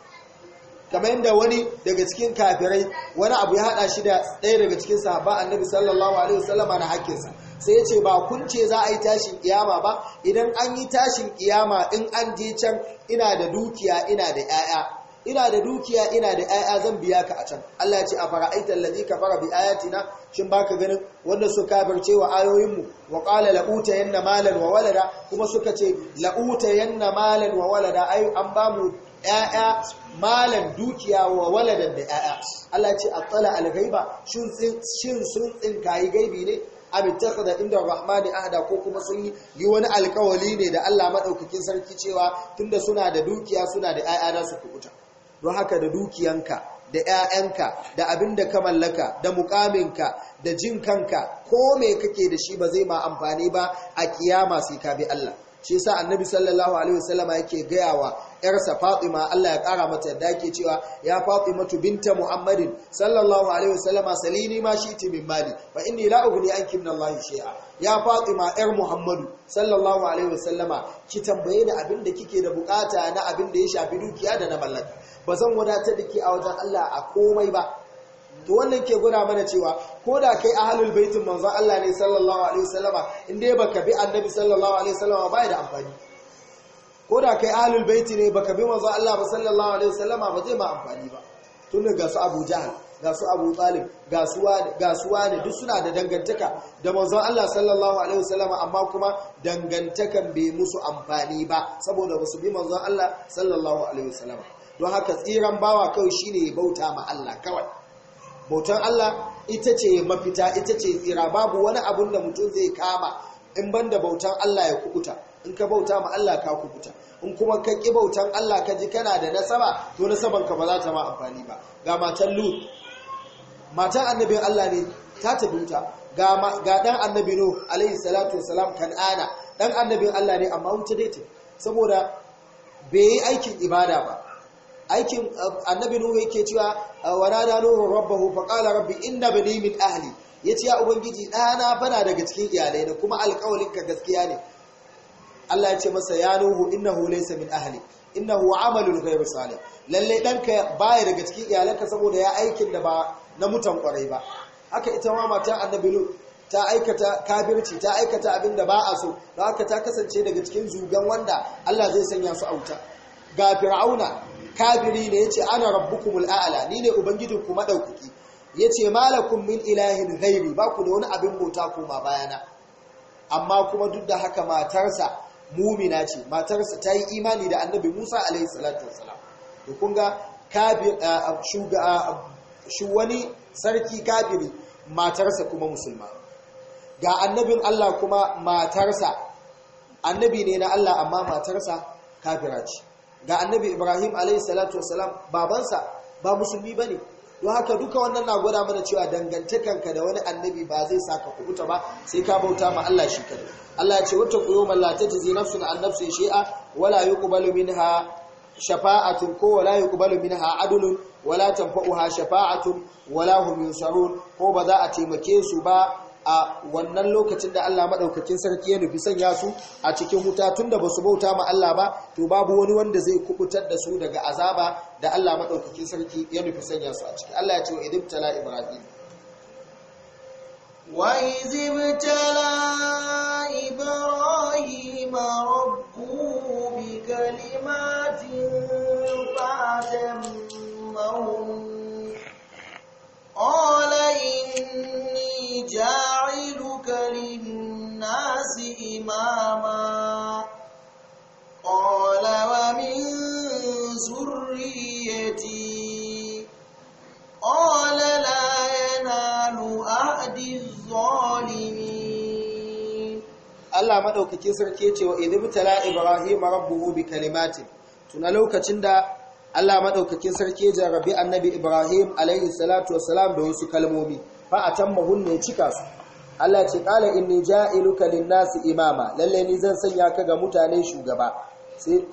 kamar yadda wani daga cikin kafirai wani abu ya hada shi da ɗaya daga cikin sahaba annabi sallallahu alaihi wasallama na hakkinsa sai ya ce ba kun ce za a yi tashin kiyama ba idan an yi tashin kiyama in an je can ina da dukiya ina da 'ya'ya ina da dukiya ina da 'ya'ya zan biya ka a can Allah ya ce a fara'aita allazi kafara bi ayatina shin baka ganin wanda su kafirce wa ayoyin mu wa qala la yanna malan wa walada kuma suka ce la Yanna malan wa walada ai an ba mu 'ya'ya malar dukiya wa waladan da 'ya'ya Allah ce a al alghaiba, shin sun tsinkayi gaibi ne abin takhada inda rahmani ahda ko kuma sun yi wani alkawali ne da Allah maɗaukakin sarki cewa tunda suna da dukiya suna da 'ya'ya da su kubuta don haka da dukiyanka da 'ya'yanka da abin da ka mallaka da mukaminka da jin kanka ko me kake da shi ba zai ma amfani ba a kiyama sai ka bi Allah shi yasa annabi sallallahu alaihi wasallama yake gayawa yarsa Fatima Allah ya kara mata yadda yake cewa ya tu binta Muhammadin sallallahu alaihi wasallama salini ma shi ti min mali fa inni la ughni anki min Allah shay'a ya Fatima yar Muhammadu sallallahu alaihi wasallama ki tambaye ni abin da kike da bukata na abin da ya shafi dukiya da na mallaka ba zan wadatar da ke a wajen Allah a komai ba to wannan ke gura mana cewa ko da kai ahlul baitin manzon Allah ne sallallahu alaihi wasallama in dai baka bi annabi sallallahu alaihi wasallama ya da amfani ko da kai ahlul baiti ne baka bi manzo Allah ba sallallahu alaihi wasallama ba zai ma amfani ba tun ga su Abu Jahl ga su Abu Talib ga su ga su wani duk suna da dangantaka da manzo Allah sallallahu alaihi wasallama amma kuma dangantakan bai musu amfani ba saboda ba su bi manzo Allah sallallahu alaihi wasallama don haka tsiran bawa kawai shine ya bauta ma Allah kawai bautan Allah ita ce mafita ita ce tsira babu wani abun da mutum zai kama in banda bautan Allah ya kukuta in ka bauta ma Allah ka kukuta in kuma ka ƙi bautan Allah ka ji kana da nasaba to nasabanka ba za ta ma amfani ba ga matan lut matan annabin Allah ne ta tabinta ga ga dan annabi no alayhi salatu wassalam kan'ana dan annabin Allah ne amma wuta dai ce saboda bai yi aikin ibada ba aikin eh, annabi nuhu yake cewa ah, wa nada no rabbahu fa qala rabbi inna bani min ahli yace ya ubangiji dana bana daga cikin iyalai na kuma alƙawarin ka gaskiya ne Allah ya ce masa ya nuhu innahu laysa min ahli innahu amalul ghayr salih lalle danka baya daga cikin iyalanka saboda ya aikin da ba na mutan kwarai ba haka ita ma mata annabi ta aikata kafirci ta aikata abin da ba a so don haka ta kasance daga cikin zugan wanda Allah zai sanya su auta ga fir'auna kafiri ne yace ana rabbukumul a'la ni ne ubangijinku madaukaki yace malakum min ilahin ghairi ba ku da wani abin bauta koma bayana amma kuma duk da haka matarsa mumina ce matarsa ta yi imani da annabi musa alaihi salatu wasalam Da kun ga wani sarki kafiri matarsa kuma musulma ga annabin allah kuma matarsa annabi ne na allah amma matarsa kafira ce ga annabi ibrahim alaihi salatu wasalam babansa ba musulmi ba ne don haka duka wannan na gwada mana cewa dangantakanka da wani annabi ba zai sa ka kubuta ba sai ka bauta ma Allah shi kadai Allah ya ce wata kuyo mallata ta zai nafsu annabsu nafsu shi'a wala yuqbalu minha shafa'atun ko wala yuqbalu minha adulun wala tanfa'uha shafa'atun wala hum yusarun ko ba za a taimake su ba a wannan lokacin da Allah maɗaukakin sarki ya nufi sanya su a cikin wuta tunda ba su bauta ma Allah ba to babu wani wanda zai kubutar da su daga azaba da Allah maɗaukakin sarki ya nufi sanya su a ciki Allah ya ce wa idibtala ibrahim wa izibtala ibrahim rabbuhu bi kalimatin qala in جاعلك للناس إماما قال ومن ذريتي قال لا ينال أهد الظالمين الله مدوكي sarki ce wa idibtala ibrahim rabbuhu bi kalimatin tuna lokacin da Allah maɗaukakin sarki ya jarabi annabi ibrahim alayhi salatu wassalam da wasu kalmomi fa atammahun ne cika su Allah ce qala inni ja'iluka lin-nasi imama lalle ni zan sanya ka ga mutane shugaba sai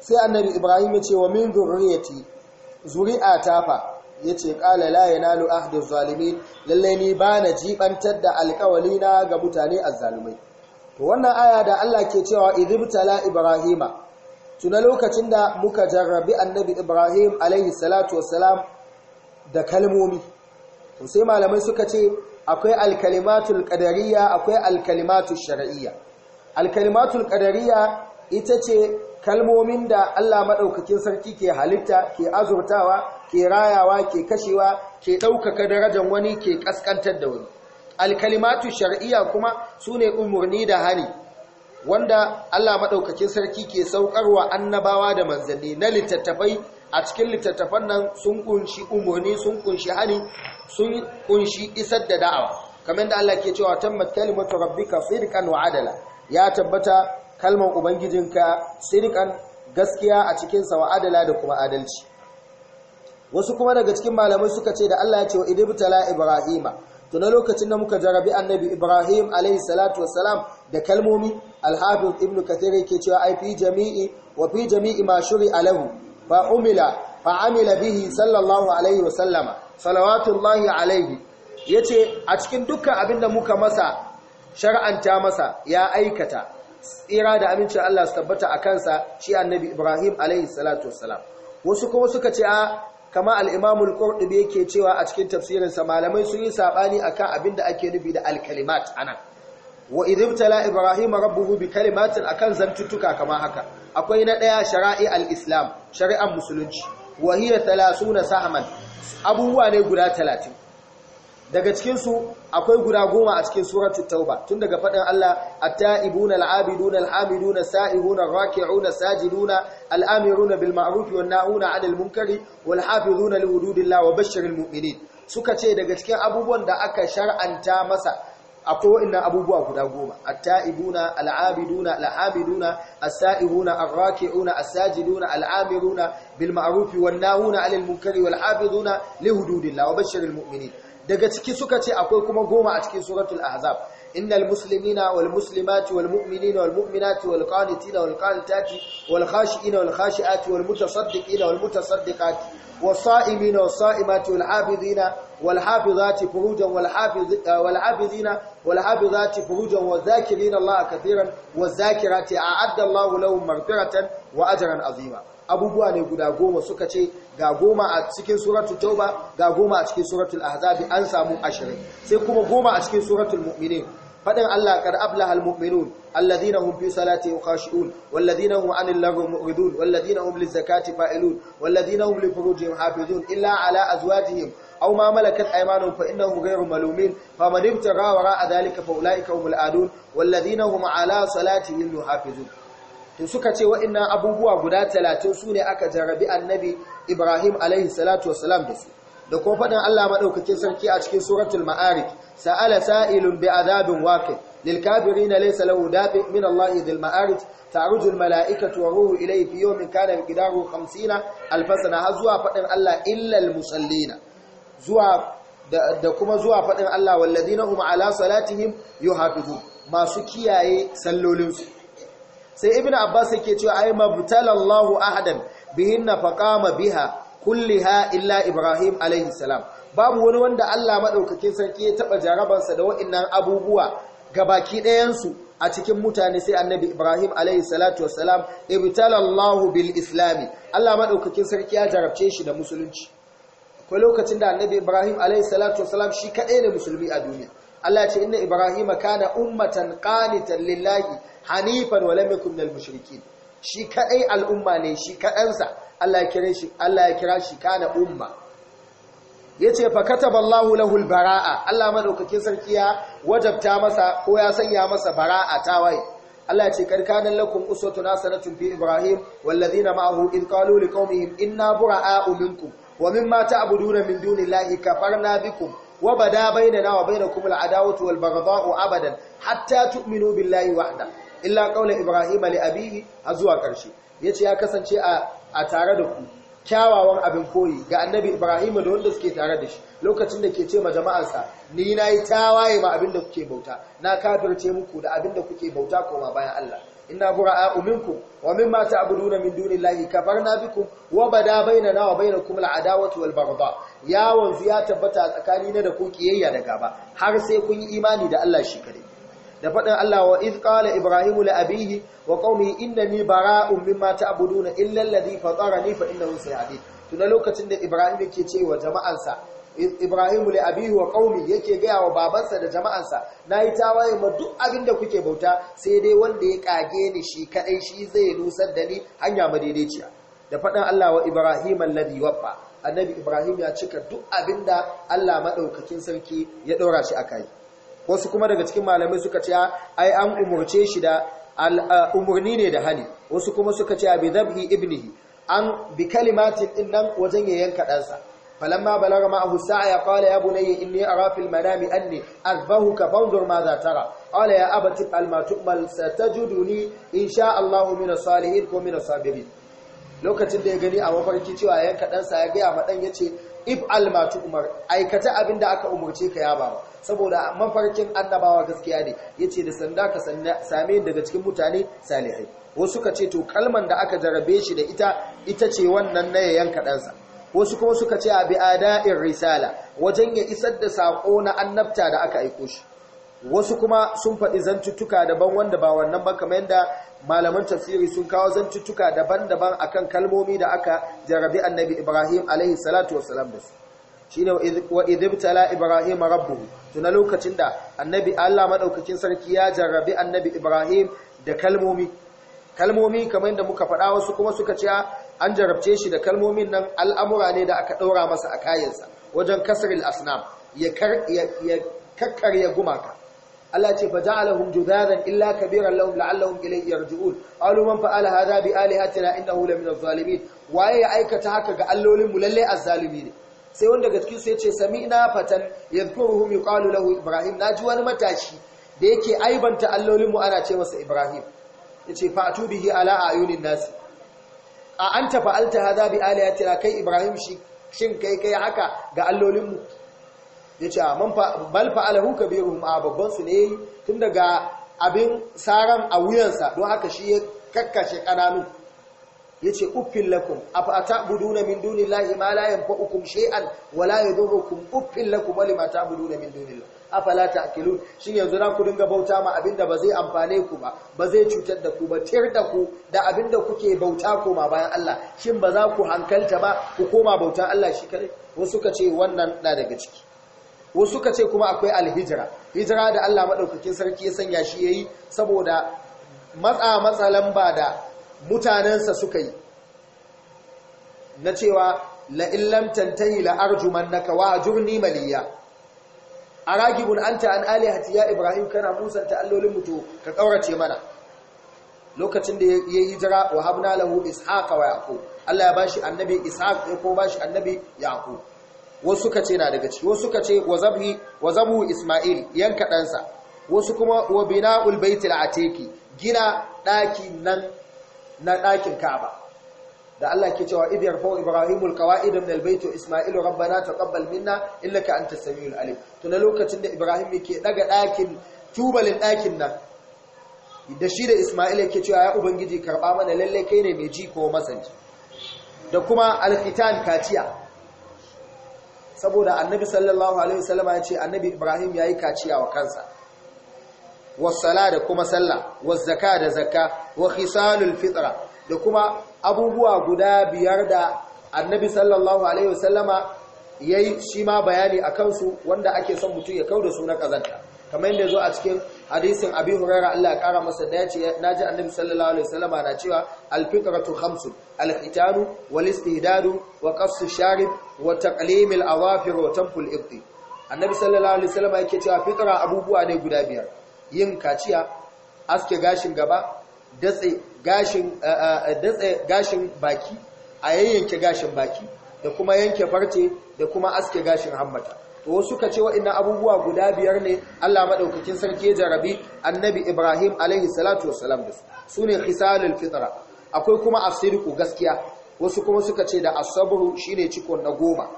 sai annabi Ibrahim ya ce wa min zurriyati ta fa yace qala la yanalu ahdi zalimin lalle ni na jibantar da na ga mutane azzalumai to wannan aya da Allah ke cewa idhibtala Ibrahima tuna lokacin da muka jarrabi annabi Ibrahim alayhi salatu wassalam da kalmomi sai malamai suka ce akwai alkalimatul qadariyya akwai alkalimatul shar'iyya alkalimatul qadariyya ita ce kalmomin da Allah Maɗaukakin sarki ke halitta ke azurtawa ke rayawa ke kashewa ke ɗaukaka darajar wani ke ƙasƙantar da wani alkalimatul shar'iyya kuma ne umurni da hani wanda Allah Maɗaukakin sarki ke saukarwa annabawa da manzanni na littattafai a cikin littattafan nan sun kunshi umarni sun kunshi hani sun kunshi isar da da'awa kamar da Allah ke cewa tammat kalimatu rabbika sidqan wa adala ya tabbata kalmar ubangijinka sidqan gaskiya a cikin sa wa adala da kuma adalci wasu kuma daga cikin malamai suka ce da Allah ya ce wa idibtala ibrahima to na lokacin da muka jarabi annabi ibrahim alayhi salatu wassalam da kalmomi al ibnu kathir yake cewa ai fi jami'i wa fi jami'i ma shuri alahu fa umila fa amila bihi sallallahu alaihi wasallama salawatullahi alaihi yace a cikin dukkan abinda muka masa shar'anta masa ya aikata tsira da amincin Allah su tabbata a kansa shi annabi Ibrahim alaihi salatu wassalam wasu kuma suka ce a kama al-Imam al-Qurtubi yake cewa a cikin tafsirinsa malamai sun yi sabani akan abinda ake nufi da al-kalimat anan wa tala Ibrahim rabbuhu bi kalimatin akan zantuttuka kama haka akwai na ɗaya shara'i al-islam shari'ar musulunci wahiyar talasu na sahaman abubuwa ne guda talatin daga cikinsu akwai guda goma a cikin suratul tauba tun daga faɗin Allah at-ta'ibuna al-'abiduna al-hamiduna as-sa'ihuna ar-raki'una na sajiduna na amiruna bil ma'ruf wan nahuna 'anil munkari wa hafizuna li hududillahi wa bashshiril mu'minin suka ce daga cikin abubuwan da aka shar'anta masa akwai wa'annan abubuwa guda goma at al'abiduna, al'amiduna, abiduna al asajiduna, as-sa'ihuna ar-raki'una as-sajiduna al bil ma'ruf wan nahuna 'anil munkari wal 'abiduna li hududillah wa bashshiril mu'minin daga ciki suka ce akwai kuma goma a cikin suratul ahzab إن المسلمين والمسلمات والمؤمنين والمؤمنات والقانتين والقانتات والخاشئين والخاشئات والمتصدقين والمتصدقات والصائمين والصائمات والعابدين والحافظات فروجا والحافظ والعابدين والحافظات فروجا والذاكرين الله كثيرا والذاكرات أعد الله لهم مغفرة وأجرا عظيما abubuwa ne guda goma suka ce ga goma a cikin suratul tauba ga goma a cikin suratul ahzabi an samu ashirin sai kuma goma a cikin suratul mu'minin faɗin Allah kar ablah almu'minun alladhina hum fi salati khashi'un walladhina hum 'anil lagwi mu'ridun walladhina hum lizakati fa'ilun walladhina hum li furujihim hafizun illa 'ala azwajihim aw ma malakat aymanuhum fa innahum ghayru malumin faman ibtagha wara'a dhalika fa ulaika humul adun walladhina hum to suka ce wa'annan abubuwa guda 30 sune aka jarabi annabi Ibrahim alaihi salatu wassalam da su da kuma faɗin Allah maɗaukacin sarki a cikin suratul ma'arik sa'ala sa'ilun bi azabin waqi' lil kafirin laysa lahu dafi min Allah dhil ma'arik ta'ruju al mala'ikatu wa ruhu ilayhi fi yawmin kana 50 alfasana har zuwa faɗin Allah illa al musallina zuwa da kuma zuwa faɗin Allah walladina hum ala salatihim yuhafizun masu kiyaye sallolinsu sai ibnu abbas yake cewa ay mabtalallahu ahadan bihinna faqama biha kulliha illa Ibrahim alaihi salam babu wani wanda Allah madaukakin sarki ya taba jarabansa da wa'annan abubuwa gabaki ɗayan su a cikin mutane sai annabi Ibrahim alaihi salatu wassalam ibtalallahu bil islami Allah madaukakin sarki ya jarabce shi da musulunci akwai lokacin da annabi Ibrahim alaihi salatu wassalam shi kadai ne musulmi a duniya Allah ya ce inna Ibrahim kana ummatan qanitan lillahi hanifan wa lam yakun minal mushrikeen shi kaɗai al'umma ne shi kaɗansa. Allah ya kira shi Allah ya kira shi kana umma yace fa kataballahu lahul baraa Allah madaukakin sarki ya wajabta masa ko ya sanya masa baraa ta waye. Allah ya ce karkanan lakum uswatun hasanatun fi ibrahim wallazina ma'ahu id qalu liqaumihim inna bura'a minkum wa mimma ta'buduna min dunillahi kafarna bikum وبدا بيننا وبينكم العداوة والبغضاء abadan. hatta tu'minu billahi وحده illa qaulin ibrahim li abihi a zuwa karshe ce ya kasance a tare da ku kyawawan abin koyi ga annabi ibrahim da wanda suke tare da shi lokacin da ke ce ma jama'arsa ni nayi tawaye ma abin da kuke bauta na kafirce muku da abin da kuke bauta koma bayan Allah inna bura'a'u minkum wa mimma ta'buduna min dunillahi kafarna bikum wa bada nawa wa bainakum al'adawatu wal baghdha ya wanzu ya tabbata tsakani na da ku kiyayya da gaba har sai kun yi imani da Allah shi kadai da faɗin Allah wa iz qala ibrahimu li abihi wa qaumihi innani bara'un mimma ta'buduna illa alladhi fatarani fa innahu sayadi tuna lokacin da ibrahim yake cewa jama'ansa ibrahimu la'abihi wa qaumi yake gaya wa babansa da jama'ansa nayi tawaye ma duk abin da kuke bauta sai dai wanda ya kage ni shi kadai shi zai nusar da ni hanya ma madaidaiciya da faɗin Allah wa ibrahim alladhi waffa annabi ibrahim ya cika duk abin da Allah madaukakin sarki ya daura shi kai. wasu kuma daga cikin malamai suka ce ai an umurce shi da umurni ne da hali wasu kuma suka ce abi dhabhi ibnihi an bi kalimatin din nan wajen ya yanka ɗansa falamma balaga ma'ahu sa'a qala ya bunayya inni ara fil manami anni ka fanzur ma za tara qala ya abati al ma tu'mal satajuduni insha Allahu min as-salihin ko min as-sabirin lokacin da ya gani a mafarki cewa yanka ɗansa ya gaya ma dan yace if almatu umar aikata abin da aka umarce ka ya baba saboda mafarkin annabawa gaskiya ne yace da sanda ka same daga cikin mutane salihai wasu ka ce to kalman da aka jarabe shi da ita ita ce wannan na yayan kadansa wasu kuma suka ce a bi ada'in risala wajen ya isar da sako na annabta da aka aiko shi wasu kuma sun faɗi zantuttuka daban wanda ba wannan ba kamar yadda malaman tafsiri sun kawo zantuttuka daban-daban a kan kalmomi da aka jarabi annabi Ibrahim alaihi salatu ne da su shine wa Ibrahim rabbuhu tuna lokacin da annabi Allah maɗaukakin sarki ya jarabi annabi Ibrahim da kalmomi kalmomi kamar yadda muka faɗa wasu kuma suka ce ah, an jarabce shi da kalmomin nan al'amura ne da aka ɗaura masa a kayansa wajen kasril asnam ya ya gumaka Allah ce fa ja'alahum judadan illa kabiran lahum la'allahum ilayhi yarji'un qalu man fa'ala hadha bi alihatina innahu lamina adh-dhalimin waye ya aikata haka ga allolin mu lalle az-zalimi ne sai wanda gaske cikin su yace sami'na fatan yadhkuruhum yuqalu lahu ibrahim naji wani matashi da yake aibanta allolin mu ana ce masa ibrahim yace fa'tu bihi ala ayunin nas a anta fa'alta hadha bi alihatina kai ibrahim shi shin kai kai haka ga allolin mu ya ce bal fa'alahu kabiruhum a babban su ne tun daga abin saran a wuyansa don haka shi ya kakkashe kananu yace uffil lakum budu na min lahi ma la yanfa'ukum shay'an wa la yadurrukum uffil lakum budu na min falata a kilu shin yanzu na ku dinga bauta ma abinda ba zai amfane ku ba ba zai cutar da ku ba tir da ku da abinda kuke bauta koma bayan Allah shin ba za ku hankalta ba ku koma bauta Allah shi kare wasu ka ce wannan na daga ciki wasu ka ce kuma akwai alhijira hijira da Allah maɗaukakin sarki ya sanya shi ya yi saboda matsa matsa lamba da mutanensa suka yi na cewa la illam tantahi na kawa a ajurni maliya a anta an alihati ya ibrahim kana musan allolin mutu ka ƙaurace mana lokacin da ya yi hijira wa habna lahu ishaqa wa yaqub Allah ya bashi annabi ishaq ya ko bashi annabi yaqub wasu suka ce na daga ciki wasu suka ce wa zabu isma'il yanka ɗansa wasu kuma wa bina'ul baitil atiki gina ɗakin nan na ɗakin ka'aba da Allah ke cewa idh yarfa'u ibrahimul qawa'id min albayt wa rabbana taqabbal minna innaka antas samiul alim to na lokacin da ibrahim yake daga ɗakin tubalin ɗakin nan da shi da isma'il yake cewa ya ubangiji karba mana lalle kai ne mai ji ko masani da kuma alfitan kaciya saboda annabi sallallahu alaihi wasallama ya ce annabi ibrahim ya yi kaciya wa kansa wasala da kuma sallah wazzaka da zakka wa khisalul fitra da kuma abubuwa guda biyar da annabi sallallahu alaihi wasallama yayi shi ma bayani a kansu wanda ake son mutum ya kauda su na kazanta kamar yadda zo a cikin hadisin abi hurairah Allah ya kara masa da na naji annabi sallallahu alaihi wasallama na cewa al khamsu alhitaru al wa qasu sharib wa taqlim awafir wa tanful annabi sallallahu alaihi wasallama yake cewa fikra abubuwa ne guda biyar yin kaciya aske gashin gaba datse gashin datse gashin baki a yayyanke gashin baki da kuma yanke farce da kuma aske gashin hammata to suka ce wa'annan abubuwa guda biyar ne Allah madaukakin sarki jarabi annabi Ibrahim alaihi salatu wassalam da su sune khisalul fitra akwai kuma asiriku gaskiya wasu kuma suka ce da shi shine ciko na goma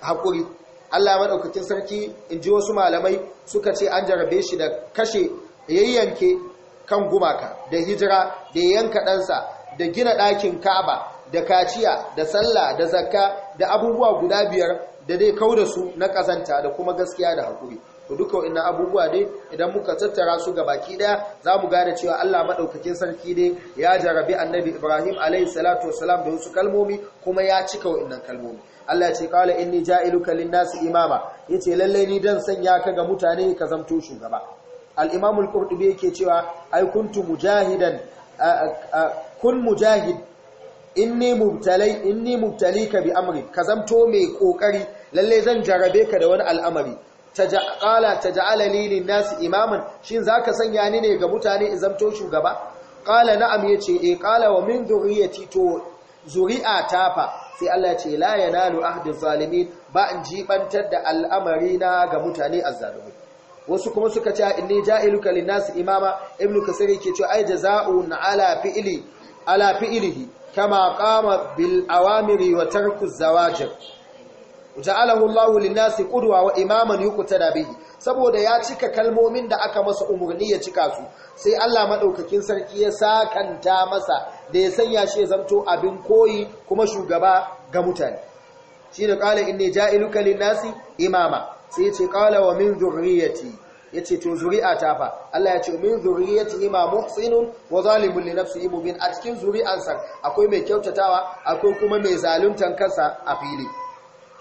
hakuri Allah madaukakin sarki in ji wasu malamai suka ce an jarabe shi da kashe yayyanke kan gumaka da hijira da yanka ɗansa da gina ɗakin Ka'aba da kaciya da sallah da zakka da abubuwa guda biyar da dai kau da su na kazanta da kuma gaskiya da hakuri to duka wa'annan abubuwa dai idan muka tattara su ga baki daya za mu gane cewa Allah madaukakin sarki dai ya jarabi annabi Ibrahim alayhi salatu wassalam da wasu kalmomi kuma ya cika wa'annan kalmomi Allah ce qala inni ja'iluka lin-nasi imama yace lallai ni dan sanya ka ga mutane ka zamto shugaba al-imam al-qurtubi yake cewa ai kuntu mujahidan kun mujahid inni mubtali inni mubtalika bi amri ka zamto mai kokari lalle zan jarabe ka da wani al'amari qala taj'alani lilin nasi imaman shin zaka sanya ni ne ga mutane in zamto shugaba qala na'am yace eh qala wa min dhurriyyati to zuri'a ta fa sai Allah ce la yanalu ahdiz zalimin ba in jibantar da al'amari na ga mutane azzalimi wasu kuma suka ce inni ja'iluka lin-nasi imama ibnu kasir yake cewa ai jaza'u ala fi'li ala fi'lihi kama qama bil awamiri wa tarku zawajir ja'alahu Allahu lin-nasi qudwa wa imaman yuqtada bihi saboda ya cika kalmomin da aka masa umurni ya cika su sai Allah madaukakin sarki ya sakanta masa da ya sanya shi zanto abin koyi kuma shugaba ga mutane Shi da qala inni ja'iluka lin-nasi imama sai ya ce qala wa min dhurriyyati ya ce to zuri'a ta fa Allah ya ce min zuriyati ima muhsinun wa zalimun li nafsihi mubin a cikin sa akwai mai kyautatawa akwai kuma mai zaluntan kansa a fili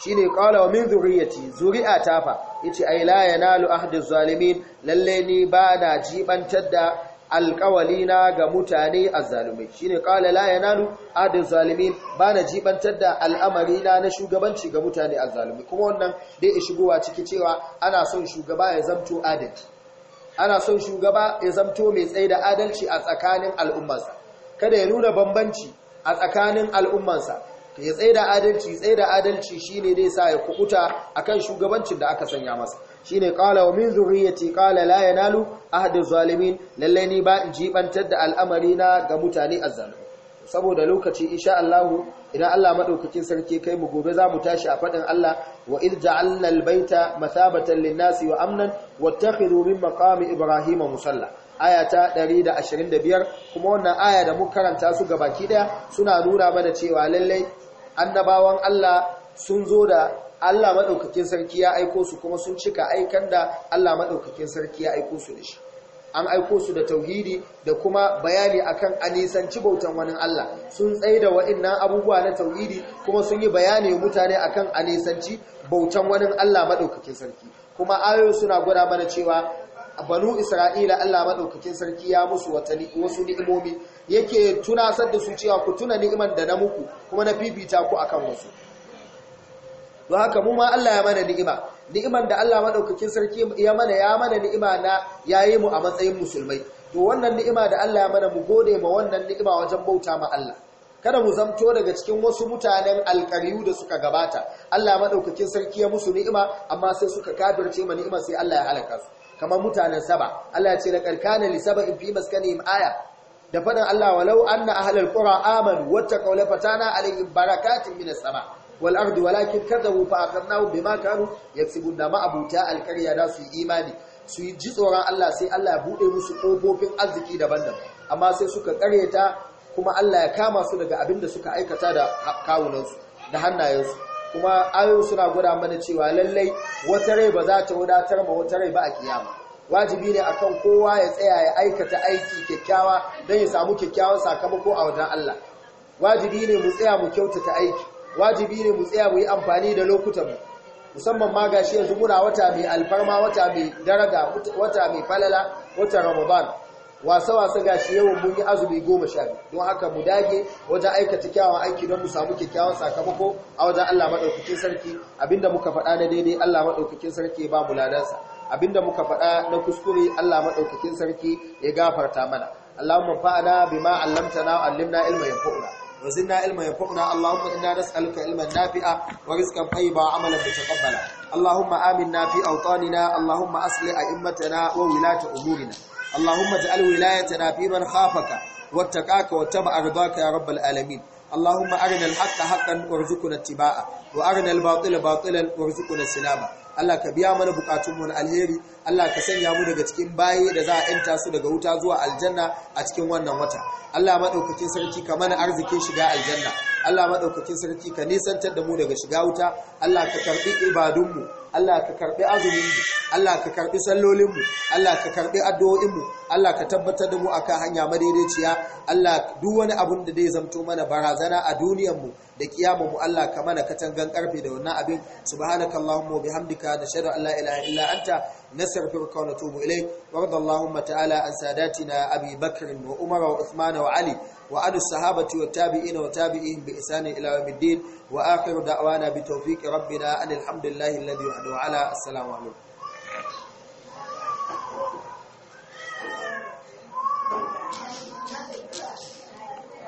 shine ne wa min zurriyati zuri'a ta fa ce ai laye na ahdu zalimin lalle ni ba na jibantar da alkawalina ga mutane a Shi ne qala laye na ahdu zalimin ba na jibantar da al'amarina na shugabanci ga mutane a azzalumai kuma wannan dai ya shigowa ciki cewa ana son shugaba ya zamto adalci ana son shugaba ya zamto mai tsaye da adalci a tsakanin al'ummarsa kada ya nuna bambanci a tsakanin al'ummarsa to ya tsaye da adalci tsaye da adalci shine dai sa ya kukuta kan shugabancin da aka sanya masa shine qala wa min zuriyyaci ƙala la a hadin zalimin lalle ni ba in jibantar da al'amari na ga mutane a azzalimi saboda lokaci insha Allah idan Allah madaukakin sarki kai mu gobe za mu tashi a faɗin Allah wa id ja'alna al-baita mathabatan lin linnasi wa amnan wattakhidhu min maqami ibrahima musalla aya ta 125 kuma wannan aya da muka karanta su gabaki daya suna nuna mana cewa lallai annabawan Allah sun zo da Allah maɗaukakin sarki ya aiko su kuma sun cika aikan da Allah maɗaukakin sarki ya aiko su da shi an aiko su da tauhidi da kuma bayani akan anisanci bautan wani Allah sun tsaye da wa'annan abubuwa na tauhidi kuma sun yi bayani mutane akan anisanci bautan wani Allah maɗaukakin sarki kuma ayoyi suna gwada mana cewa banu isra'ila Allah maɗaukakin sarki ya musu wasu ni'imomi yake tunasar da su cewa ku tuna ni'imar da na muku kuma na fifita ku akan wasu don haka mu ma Allah ya mana ni'ima ni'imar da Allah madaukakin sarki ya mana ya mana ni'ima na yayi mu a matsayin musulmai to wannan ni'ima da Allah ya mana mu gode ma wannan ni'ima wajen bauta ma Allah kada mu zamto daga cikin wasu mutanen alkariyu da suka gabata Allah madaukakin sarki ya musu ni'ima amma sai suka kafirce ma ni'ima sai Allah ya halaka su kamar mutanen saba Allah ya ce la karkana li saba'in fi maskanihim aya da faɗin Allah walau anna ahlal qura amanu wattaqaw la fatana alaihim barakatin minas sama wal ardi walakin kadzabu fa akhadnahu bima kanu yaksubun da abuta alqarya da su imani su yi ji tsoron Allah sai Allah ya bude musu kofofin arziki daban-daban amma sai suka karyata kuma Allah ya kama su daga abin da suka aikata da kawunansu da hannayensu kuma ayoyi suna gwada mana cewa lallai wata rai ba za ta wadatar ma wata rai ba a kiyama wajibi ne akan kowa ya tsaya ya aikata aiki kyakkyawa don ya samu kyakkyawan sakamako a wajen Allah wajibi ne mu tsaya mu kyautata aiki wajibi ne mu tsaya mu yi amfani da lokutan musamman ma gashi yanzu muna wata mai alfarma wata mai daraja wata mai falala wata ramadan wasa-wasa gashi yawan mun yi azumi goma sha biyu don haka mu dage wajen aikata kyawun aiki don mu samu kyakkyawan sakamako a wajen Allah maɗaukakin sarki abinda muka faɗa da daidai Allah maɗaukakin sarki ba mu ladansa Abin da muka faɗa na kuskure Allah maɗaukakin sarki ya gafarta mana Allahumma fa'ana bima 'allamtana wa 'allimna ilman yanfa'una wa zidna ilman yanfa'una Allahumma inna nas'aluka ilman nafi'a wa rizqan tayyiba wa 'amalan mutaqabbala Allahumma amin nafi awtanina Allahumma asli a'immatana wa wilata umurina Allahumma ja'al wilayatana fi man khafaka wattaqaka wattaba ridaka ya rabbal alamin Allahumma arina al-haqqa haqqan warzuqna ittiba'a wa arina al-batila batilan warzuqna sinaba Allah ka biya mana bukatunmu na alheri Allah ka sanya mu daga cikin baye da za a yanta su daga wuta zuwa aljanna a cikin wannan wata Allah madaukakin sarki ka mana arzikin shiga aljanna Allah madaukakin sarki ka nisantar da mu daga shiga wuta Allah ka karbi ibadunmu Allah ka karbi azuminmu Allah ka karbi sallolinmu Allah ka karbi addu'o'inmu Allah ka tabbatar da mu akan hanya madaidaiciya Allah duk wani abun da zai zamto mana barazana a duniyar mu. da kiyamun mu Allah ka mana katangan karfe da wannan abin subhanakallahumma wa bihamdika nashhadu an la ilaha illa anta nastaghfiruka wa natubu ilayk wa ta'ala an sadatina abi bakr wa umar wa usman wa ali wa adu sahabati wa tabi'ina wa tabi'ihim bi ihsan ila yawmiddin wa akhiru da'wana bi tawfiqi rabbina alhamdulillahi alladhi wahdahu ala assalamu alaikum